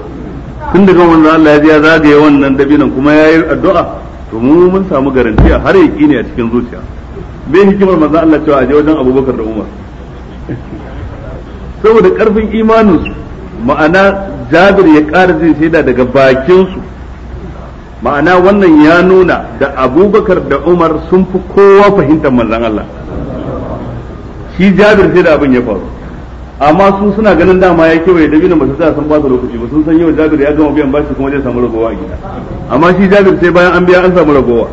tun daga wannan Allah ya zagaye wannan dabinan kuma ya yi addu'a to mu mun samu garantiya har ya ne a cikin zuciya bai hikimar maza Allah cewa aje wajen Abubakar da Umar saboda karfin imanin su ma'ana Jabir ya ƙara jin shaida daga bakin su ma'ana wannan ya nuna da Abubakar da Umar sun fi kowa fahimtar manzon Allah shi Jabir sai da abin ya faru amma su suna ganin dama ya kewaye ya dabi na masu sa sun ba su lokaci ba sun san yau Jabir ya gama biyan bashi kuma zai samu ragowa a gida amma shi Jabir sai bayan an biya an samu ragowa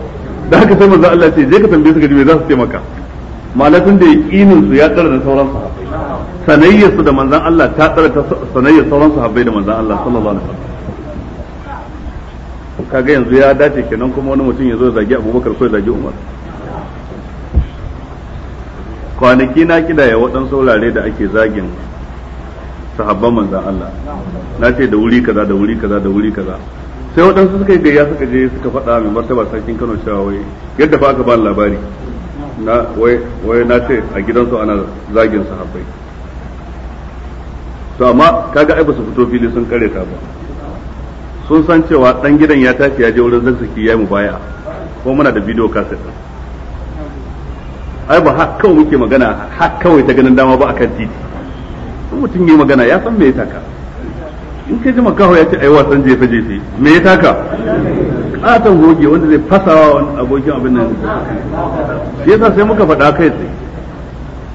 da haka sai manzo Allah ce je ka tambaye su gaji za su taimaka. maka tun da yaqinin su ya tsara da sauran sahabbai sanayyar su da manzon Allah ta tsara ta sanayyar sauran sahabbai da manzon Allah sallallahu alaihi wasallam kaga yanzu ya dace kenan kuma wani mutum ya zo zagi Abubakar ko ya zagi Umar kwanaki na ya waɗansu wurare da ake zagin sahabban manzan Allah na ce da wuri kaza da wuri kaza da wuri kaza sai waɗansu suka yi ya suka je suka faɗa mai martaba sarkin Kano cewa wai yadda fa aka ba labari na wai wai na ce a gidansu ana zagin sahabbai to amma kaga ai ba su fito fili sun kare ta ba sun san cewa dan gidan ya tashi ya je wurin zazzaki ya mu baya ko muna da bidiyo kaset ai ba haka kawai muke magana haka kawai ta ganin dama ba akan titi in mutum yi magana ya san me ya taka in kai ji kawai ya ce ai wasan jefe jefe me ya taka katon goge wanda zai fasawa wani abokin abin nan yasa sai muka faɗa kai tsaye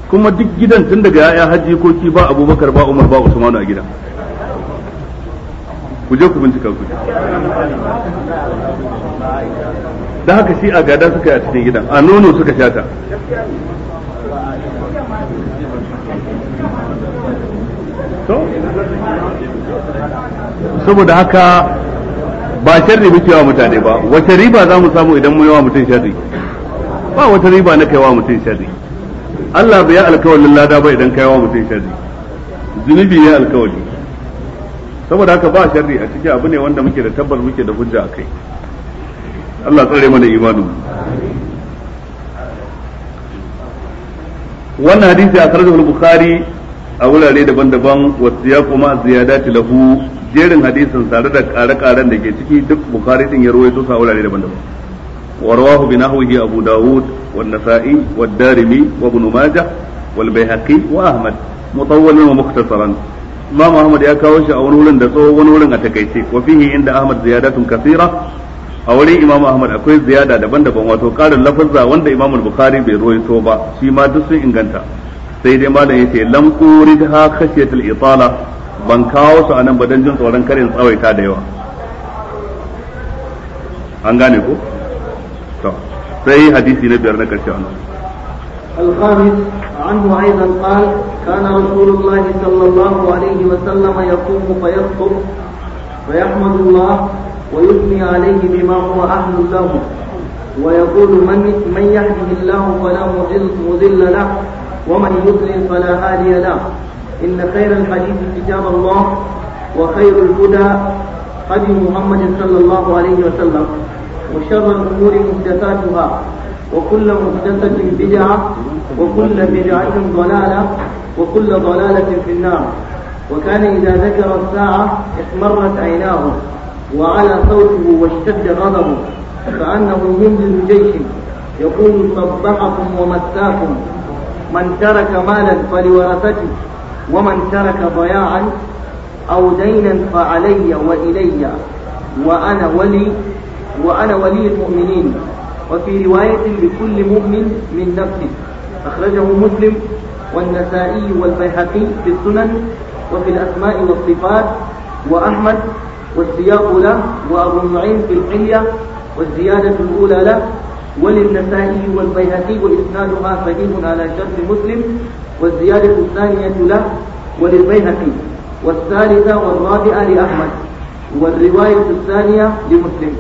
kuma duk gidan tun daga ya'ya hajji ko ba abubakar ba umar ba usmanu a gida. ku je ku bincika ku da haka shi a gada suka yi a cikin gidan a nono suka shata saboda haka ba sharri muke wa mutane ba wata riba za mu samu idan mu yi wa mutum sharri ba wata riba na kai wa mutum sharri Allah bai yi alkawalin lada ba idan kai wa mutum sharri zunubi ne alkawali saboda haka ba sharri a ciki abu ne wanda muke da tabbar muke da hujja akai Allah tsare mana imanu wannan hadisi a sarrafa al-bukhari a wurare daban-daban wa siyaqu kuma ziyadati lahu jerin hadisin tare da kare-karen da ke ciki duk bukhari din ya rawaito sa wurare daban-daban abu wa nasa'i wa darimi wa ibn majah wal bayhaqi wa ahmad وأحمد wa mukhtasaran Imam Ahmad ya kawo shi a wani wurin da tsawo wani wurin a takaice wa fihi inda Ahmad ziyadatun kasira a wurin Imam Ahmad akwai ziyada daban-daban wato karin lafazza wanda Imam Bukhari bai roito ba shi ma duk sun inganta sai dai malam yace lam uridha khashiyatul itala ban kawo su anan ba dan jin tsoron karin tsawaita da yawa an gane ko to sai hadisi na biyar na karshe anan الخامس عنه أيضا قال كان رسول الله صلى الله عليه وسلم يقوم فيخطب فيحمد الله ويثني عليه بما هو أهل له ويقول من من يهده الله فلا مضل مضل له ومن يضلل فلا هادي له إن خير الحديث كتاب الله وخير الهدى هدي محمد صلى الله عليه وسلم وشر الأمور محدثاتها وكل محدثة بدعة وكل بدعة ضلالة وكل ضلالة في النار وكان إذا ذكر الساعة احمرت عيناه وعلى صوته واشتد غضبه كأنه ينزل جيش يقول صبحكم ومساكم من ترك مالا فلورثته ومن ترك ضياعا أو دينا فعلي وإلي وأنا ولي وأنا ولي المؤمنين وفي رواية لكل مؤمن من نفسه أخرجه مسلم والنسائي والبيهقي في السنن وفي الأسماء والصفات وأحمد والسياق له وأبو نعيم في الحلية والزيادة الأولى له وللنسائي والبيهقي وإسنادها صحيح على شرط مسلم والزيادة الثانية له وللبيهقي والثالثة والرابعة لأحمد والرواية الثانية لمسلم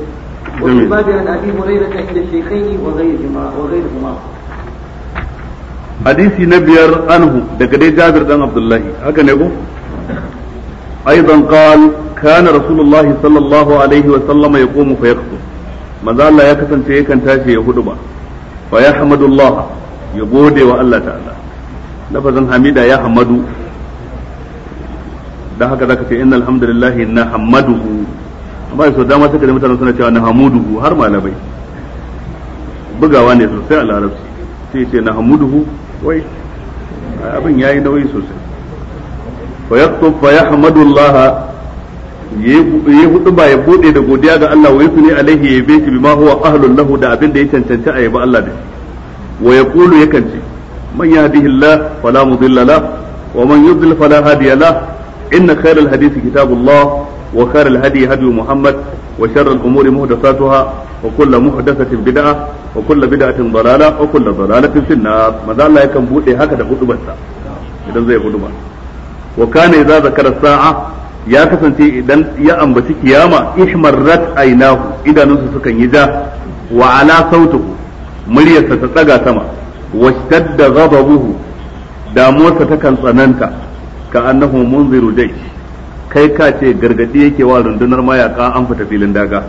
وفي باب عن ابي هريره عند الشيخين وغيرهما وغيرهما حديثي نبير عنه دقدي جابر بن عبد الله هكذا ايضا قال كان رسول الله صلى الله عليه وسلم يقوم فيخطب maza Allah ya kasance yakan tashi ya hudu ba wa ya hamdulillah ya gode wa Allah ta'ala lafazin hamida ya hamadu da haka zaka ce innal na inna amma sau dama suka da mutane suna cewa na hamuduhu har malamai bugawa ne sosai a larabci sai ce na hamuduhu wai abin ya yi nauyi sosai fa Allah ya hudu ba ya bude da godiya ga Allah wa yusni alaihi ya bi shi bima huwa lahu da abin da ya cancanci a yaba Allah da shi wa man yahdihillah fala mudilla la wa man yudlil fala hadiya la inna khayral hadisi kitabullah وخير الهدي هدي محمد وشر الأمور محدثاتها وكل محدثة بدعة وكل بدعة ضلالة وكل ضلالة في النار ماذا الله يكن بودي هكذا خطبة إذا زي خطبة وكان إذا ذكر الساعة ya kasance idan ya ambaci kiyama ihmarrat ainahu idanunsa sukan yi ja wa ala muryarsa ta tsaga sama wa shadda ghadabuhu damuwarsa ta kan tsananta ka annahu kai ka ce gargadi yake wa rundunar mayaka an fita filin daga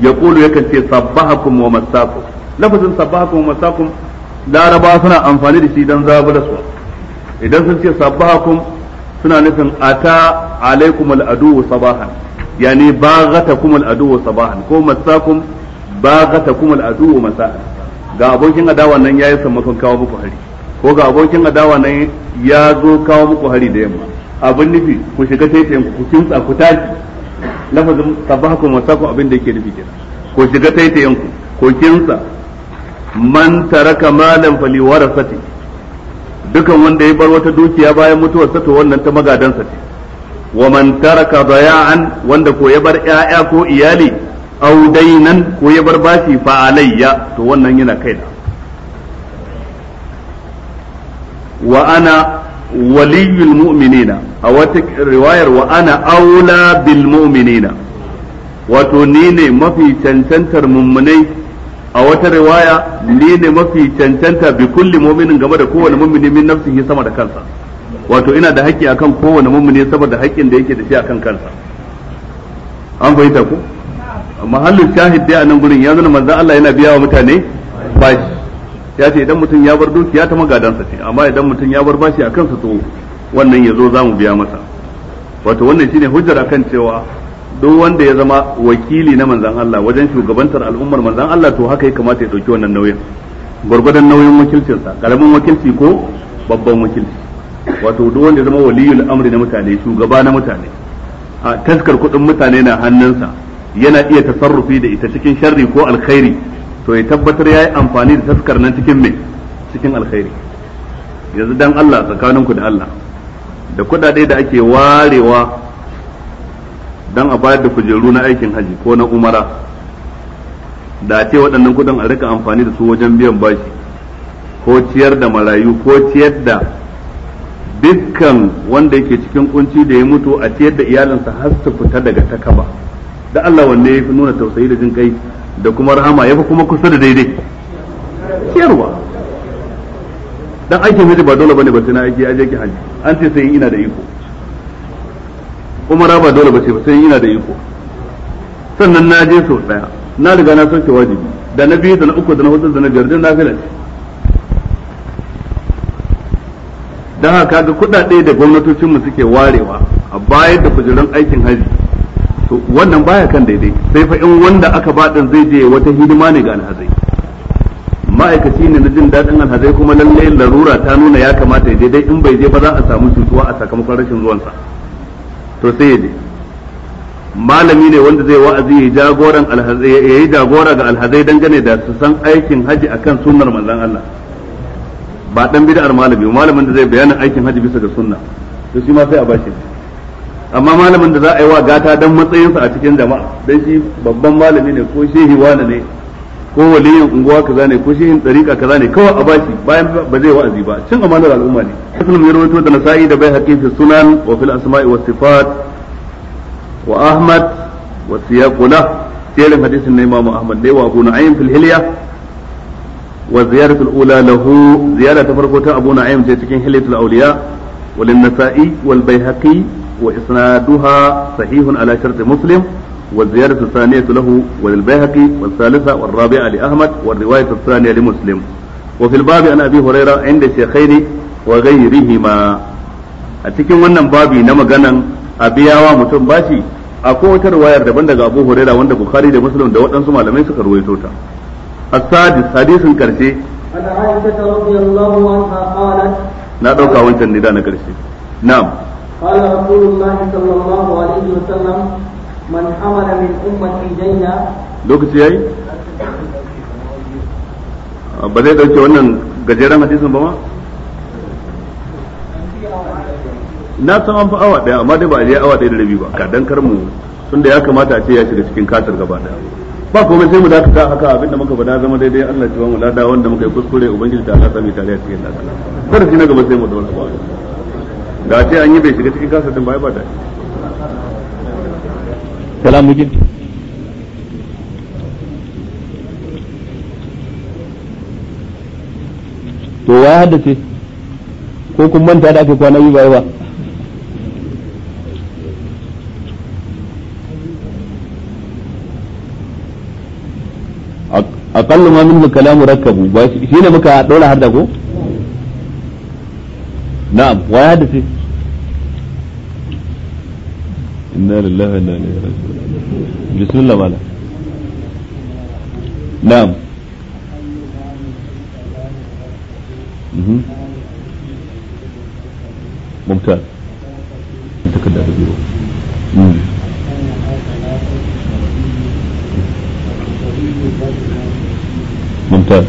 ya kulu kan ce sabbahakum wa masakum lafazin sabbahakum wa masakum laraba suna amfani da shi dan zabura su idan sun ce sabbahakum suna nufin ata alaikum al'adu sabahan yani baghatakum al'adu sabahan ko masakum baghatakum al'adu masa'an ga abokin adawa nan yayi sammakon kawo muku hari ko ga abokin adawa nan ya zo kawo muku hari da yamma abin nufi ku shiga taitayin ku kintsa ku tashi lafazin sabahakum wasakum abin da yake nufi kenan ku shiga taitayin ku ku kintsa man taraka malan fali warasati dukan wanda ya bar wata dukiya bayan mutuwar sa to wannan ta magadansa ce wa man taraka daya'an wanda ko ya bar ƴaƴa ko iyali aw dainan ko ya bar bashi fa alayya to wannan yana da wa ana waliyul mu'minina a wata riwayar wa ana aula bil wato ni ne mafi cancantar mummunai a wata riwaya ni ne mafi cancanta bi kulli mu'minin game da kowane mummuni min nafsihi sama da kansa wato ina da haƙƙi akan kowane mummuni saboda haƙƙin da yake da shi akan kansa an fahimta ku mahallin shahid dai a nan gurin ya zana manzon Allah yana biya wa mutane bashi ya ce idan mutum ya bar dukiya ta magadansa ce amma idan mutum ya bar bashi a kansa to wannan ya zo za biya masa wato wannan shine hujjar akan cewa duk wanda ya zama wakili na manzan Allah wajen shugabantar al'ummar manzan Allah to haka ya kamata ya dauki wannan nauyin gwargwadon nauyin wakilcinsa karamin wakilci ko babban wakilci wato duk wanda ya zama waliyul amri na mutane shugaba na mutane a taskar kuɗin mutane na hannunsa yana iya tasarrufi da ita cikin sharri ko alkhairi to ya tabbatar ya yi amfani da taskar nan cikin mai cikin alkhairi yanzu dan Allah tsakaninku da Allah da kudade da ake warewa dan a bayar da kujeru na aikin haji ko na umara da ce waɗannan kuɗin a rika amfani da su wajen biyan bashi ko ciyar da marayu ko ciyar da dukkan wanda yake cikin kunci da ya mutu a ciyar da iyalinsa har su fita daga takaba da Allah wanne ya fi nuna tausayi da jin kai da kuma rahama yafi kuma kusa da daidai kiyarwa dan aikin haji ba dole bane ba sai na aiki je ki haji an ce sai ina da iko kuma ba dole ba ce ba sai ina da iko sannan na je sau daya na riga na sauke wajibi da na biyu da na uku da na hudu da na biyar da na fila don haka kaga kudade da gwamnatocinmu suke warewa a bayar da kujerun aikin haji to wannan baya kan daidai sai fa in wanda aka ba dan zai je wata hidima ne ga alhazai ma'aikaci ne na jin daɗin alhazai kuma lalle larura ta nuna ya kamata ya je dai in bai je ba za a samu cutuwa a sakamakon rashin zuwansa to sai ya je malami ne wanda zai wa'azi ya jagoran alhazai ya yi jagora ga alhazai dangane da su san aikin haji akan sunnar manzon Allah ba dan bid'ar malami malamin da zai bayanin aikin haji bisa ga sunna to shi ma sai a bashi amma malamin da za a yi wa gata dan matsayinsa a cikin jama'a dan shi babban malami ne ko shehi wani ne ko waliyin unguwa kaza ne ko shehin dariƙa kaza ne kawai a bashi bayan ba zai wa'azi ba cin amanar al'umma ne Muslim ya rawaito da Nasa'i da Baihaqi fi Sunan wa fil Asma'i was Sifat wa Ahmad wa Siyaqula sai hadisin na Imam Ahmad ne wa Abu Nu'aym fil Hilya wa ziyaratul ula lahu ziyara ta farko ta Abu Nu'aym ce cikin Hilyatul Awliya wa Nasa'i wal Baihaqi وإسنادها صحيح على شرط مسلم والزيادة الثانية له وللبيهقي والثالثة والرابعة لأحمد والرواية الثانية لمسلم وفي الباب عن أبي هريرة عند الشيخين وغيرهما أتكلم wannan babi na maganan a biyawa mutum bashi akwai wata riwayar daban daga Abu horaira wanda Bukhari da Muslim da waɗansu malamai suka ruwaito ta as-sadis hadisin karshe na ɗauka wancan ne da na karshe na'am قال رسول الله صلى الله عليه وسلم من حمل من امتي دينا lokaci اي ba zai wannan gajeren hadisin ba ma na san an fi awa daya amma dai ba a je awa daya da rabi ba ka dan karmu tunda ya kamata a ce ya shiga cikin kasar gaba daya ba komai sai mu dakata haka da muka bada zama daidai Allah ya ba mu lada wanda muka yi kuskure ubangiji ta Allah sami tare a cikin lada darasi na gaba sai mu dole ba ga ce an yi bai shiga cikin kasa din ba ba da salamu jin to ya haddace ko kun manta da aka kwana yi ba ba aqallu ma minhu kalamu rakkabu ba shi ne muka daura har da ko na'am wa ya haddace إنا لله وإنا إليه راجعون بسم الله مالا نعم ممتاز انت كده بديرو ممتاز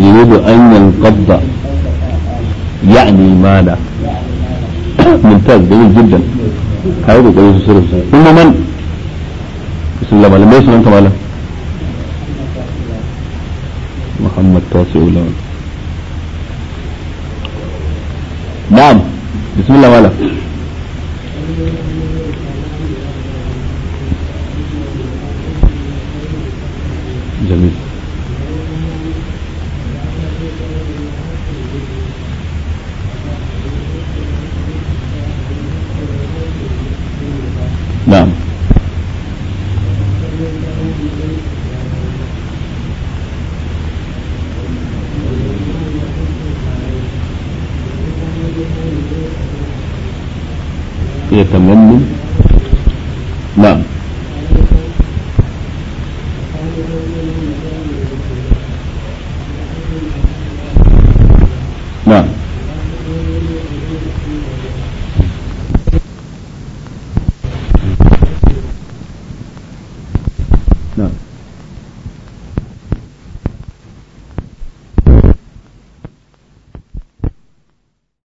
يريد أن ينقض يعني ماذا؟ ممتاز جميل جدا هاي بقول ثم من بسم الله ما لم يسلم له محمد تاسع لون نعم بسم الله ولا جميل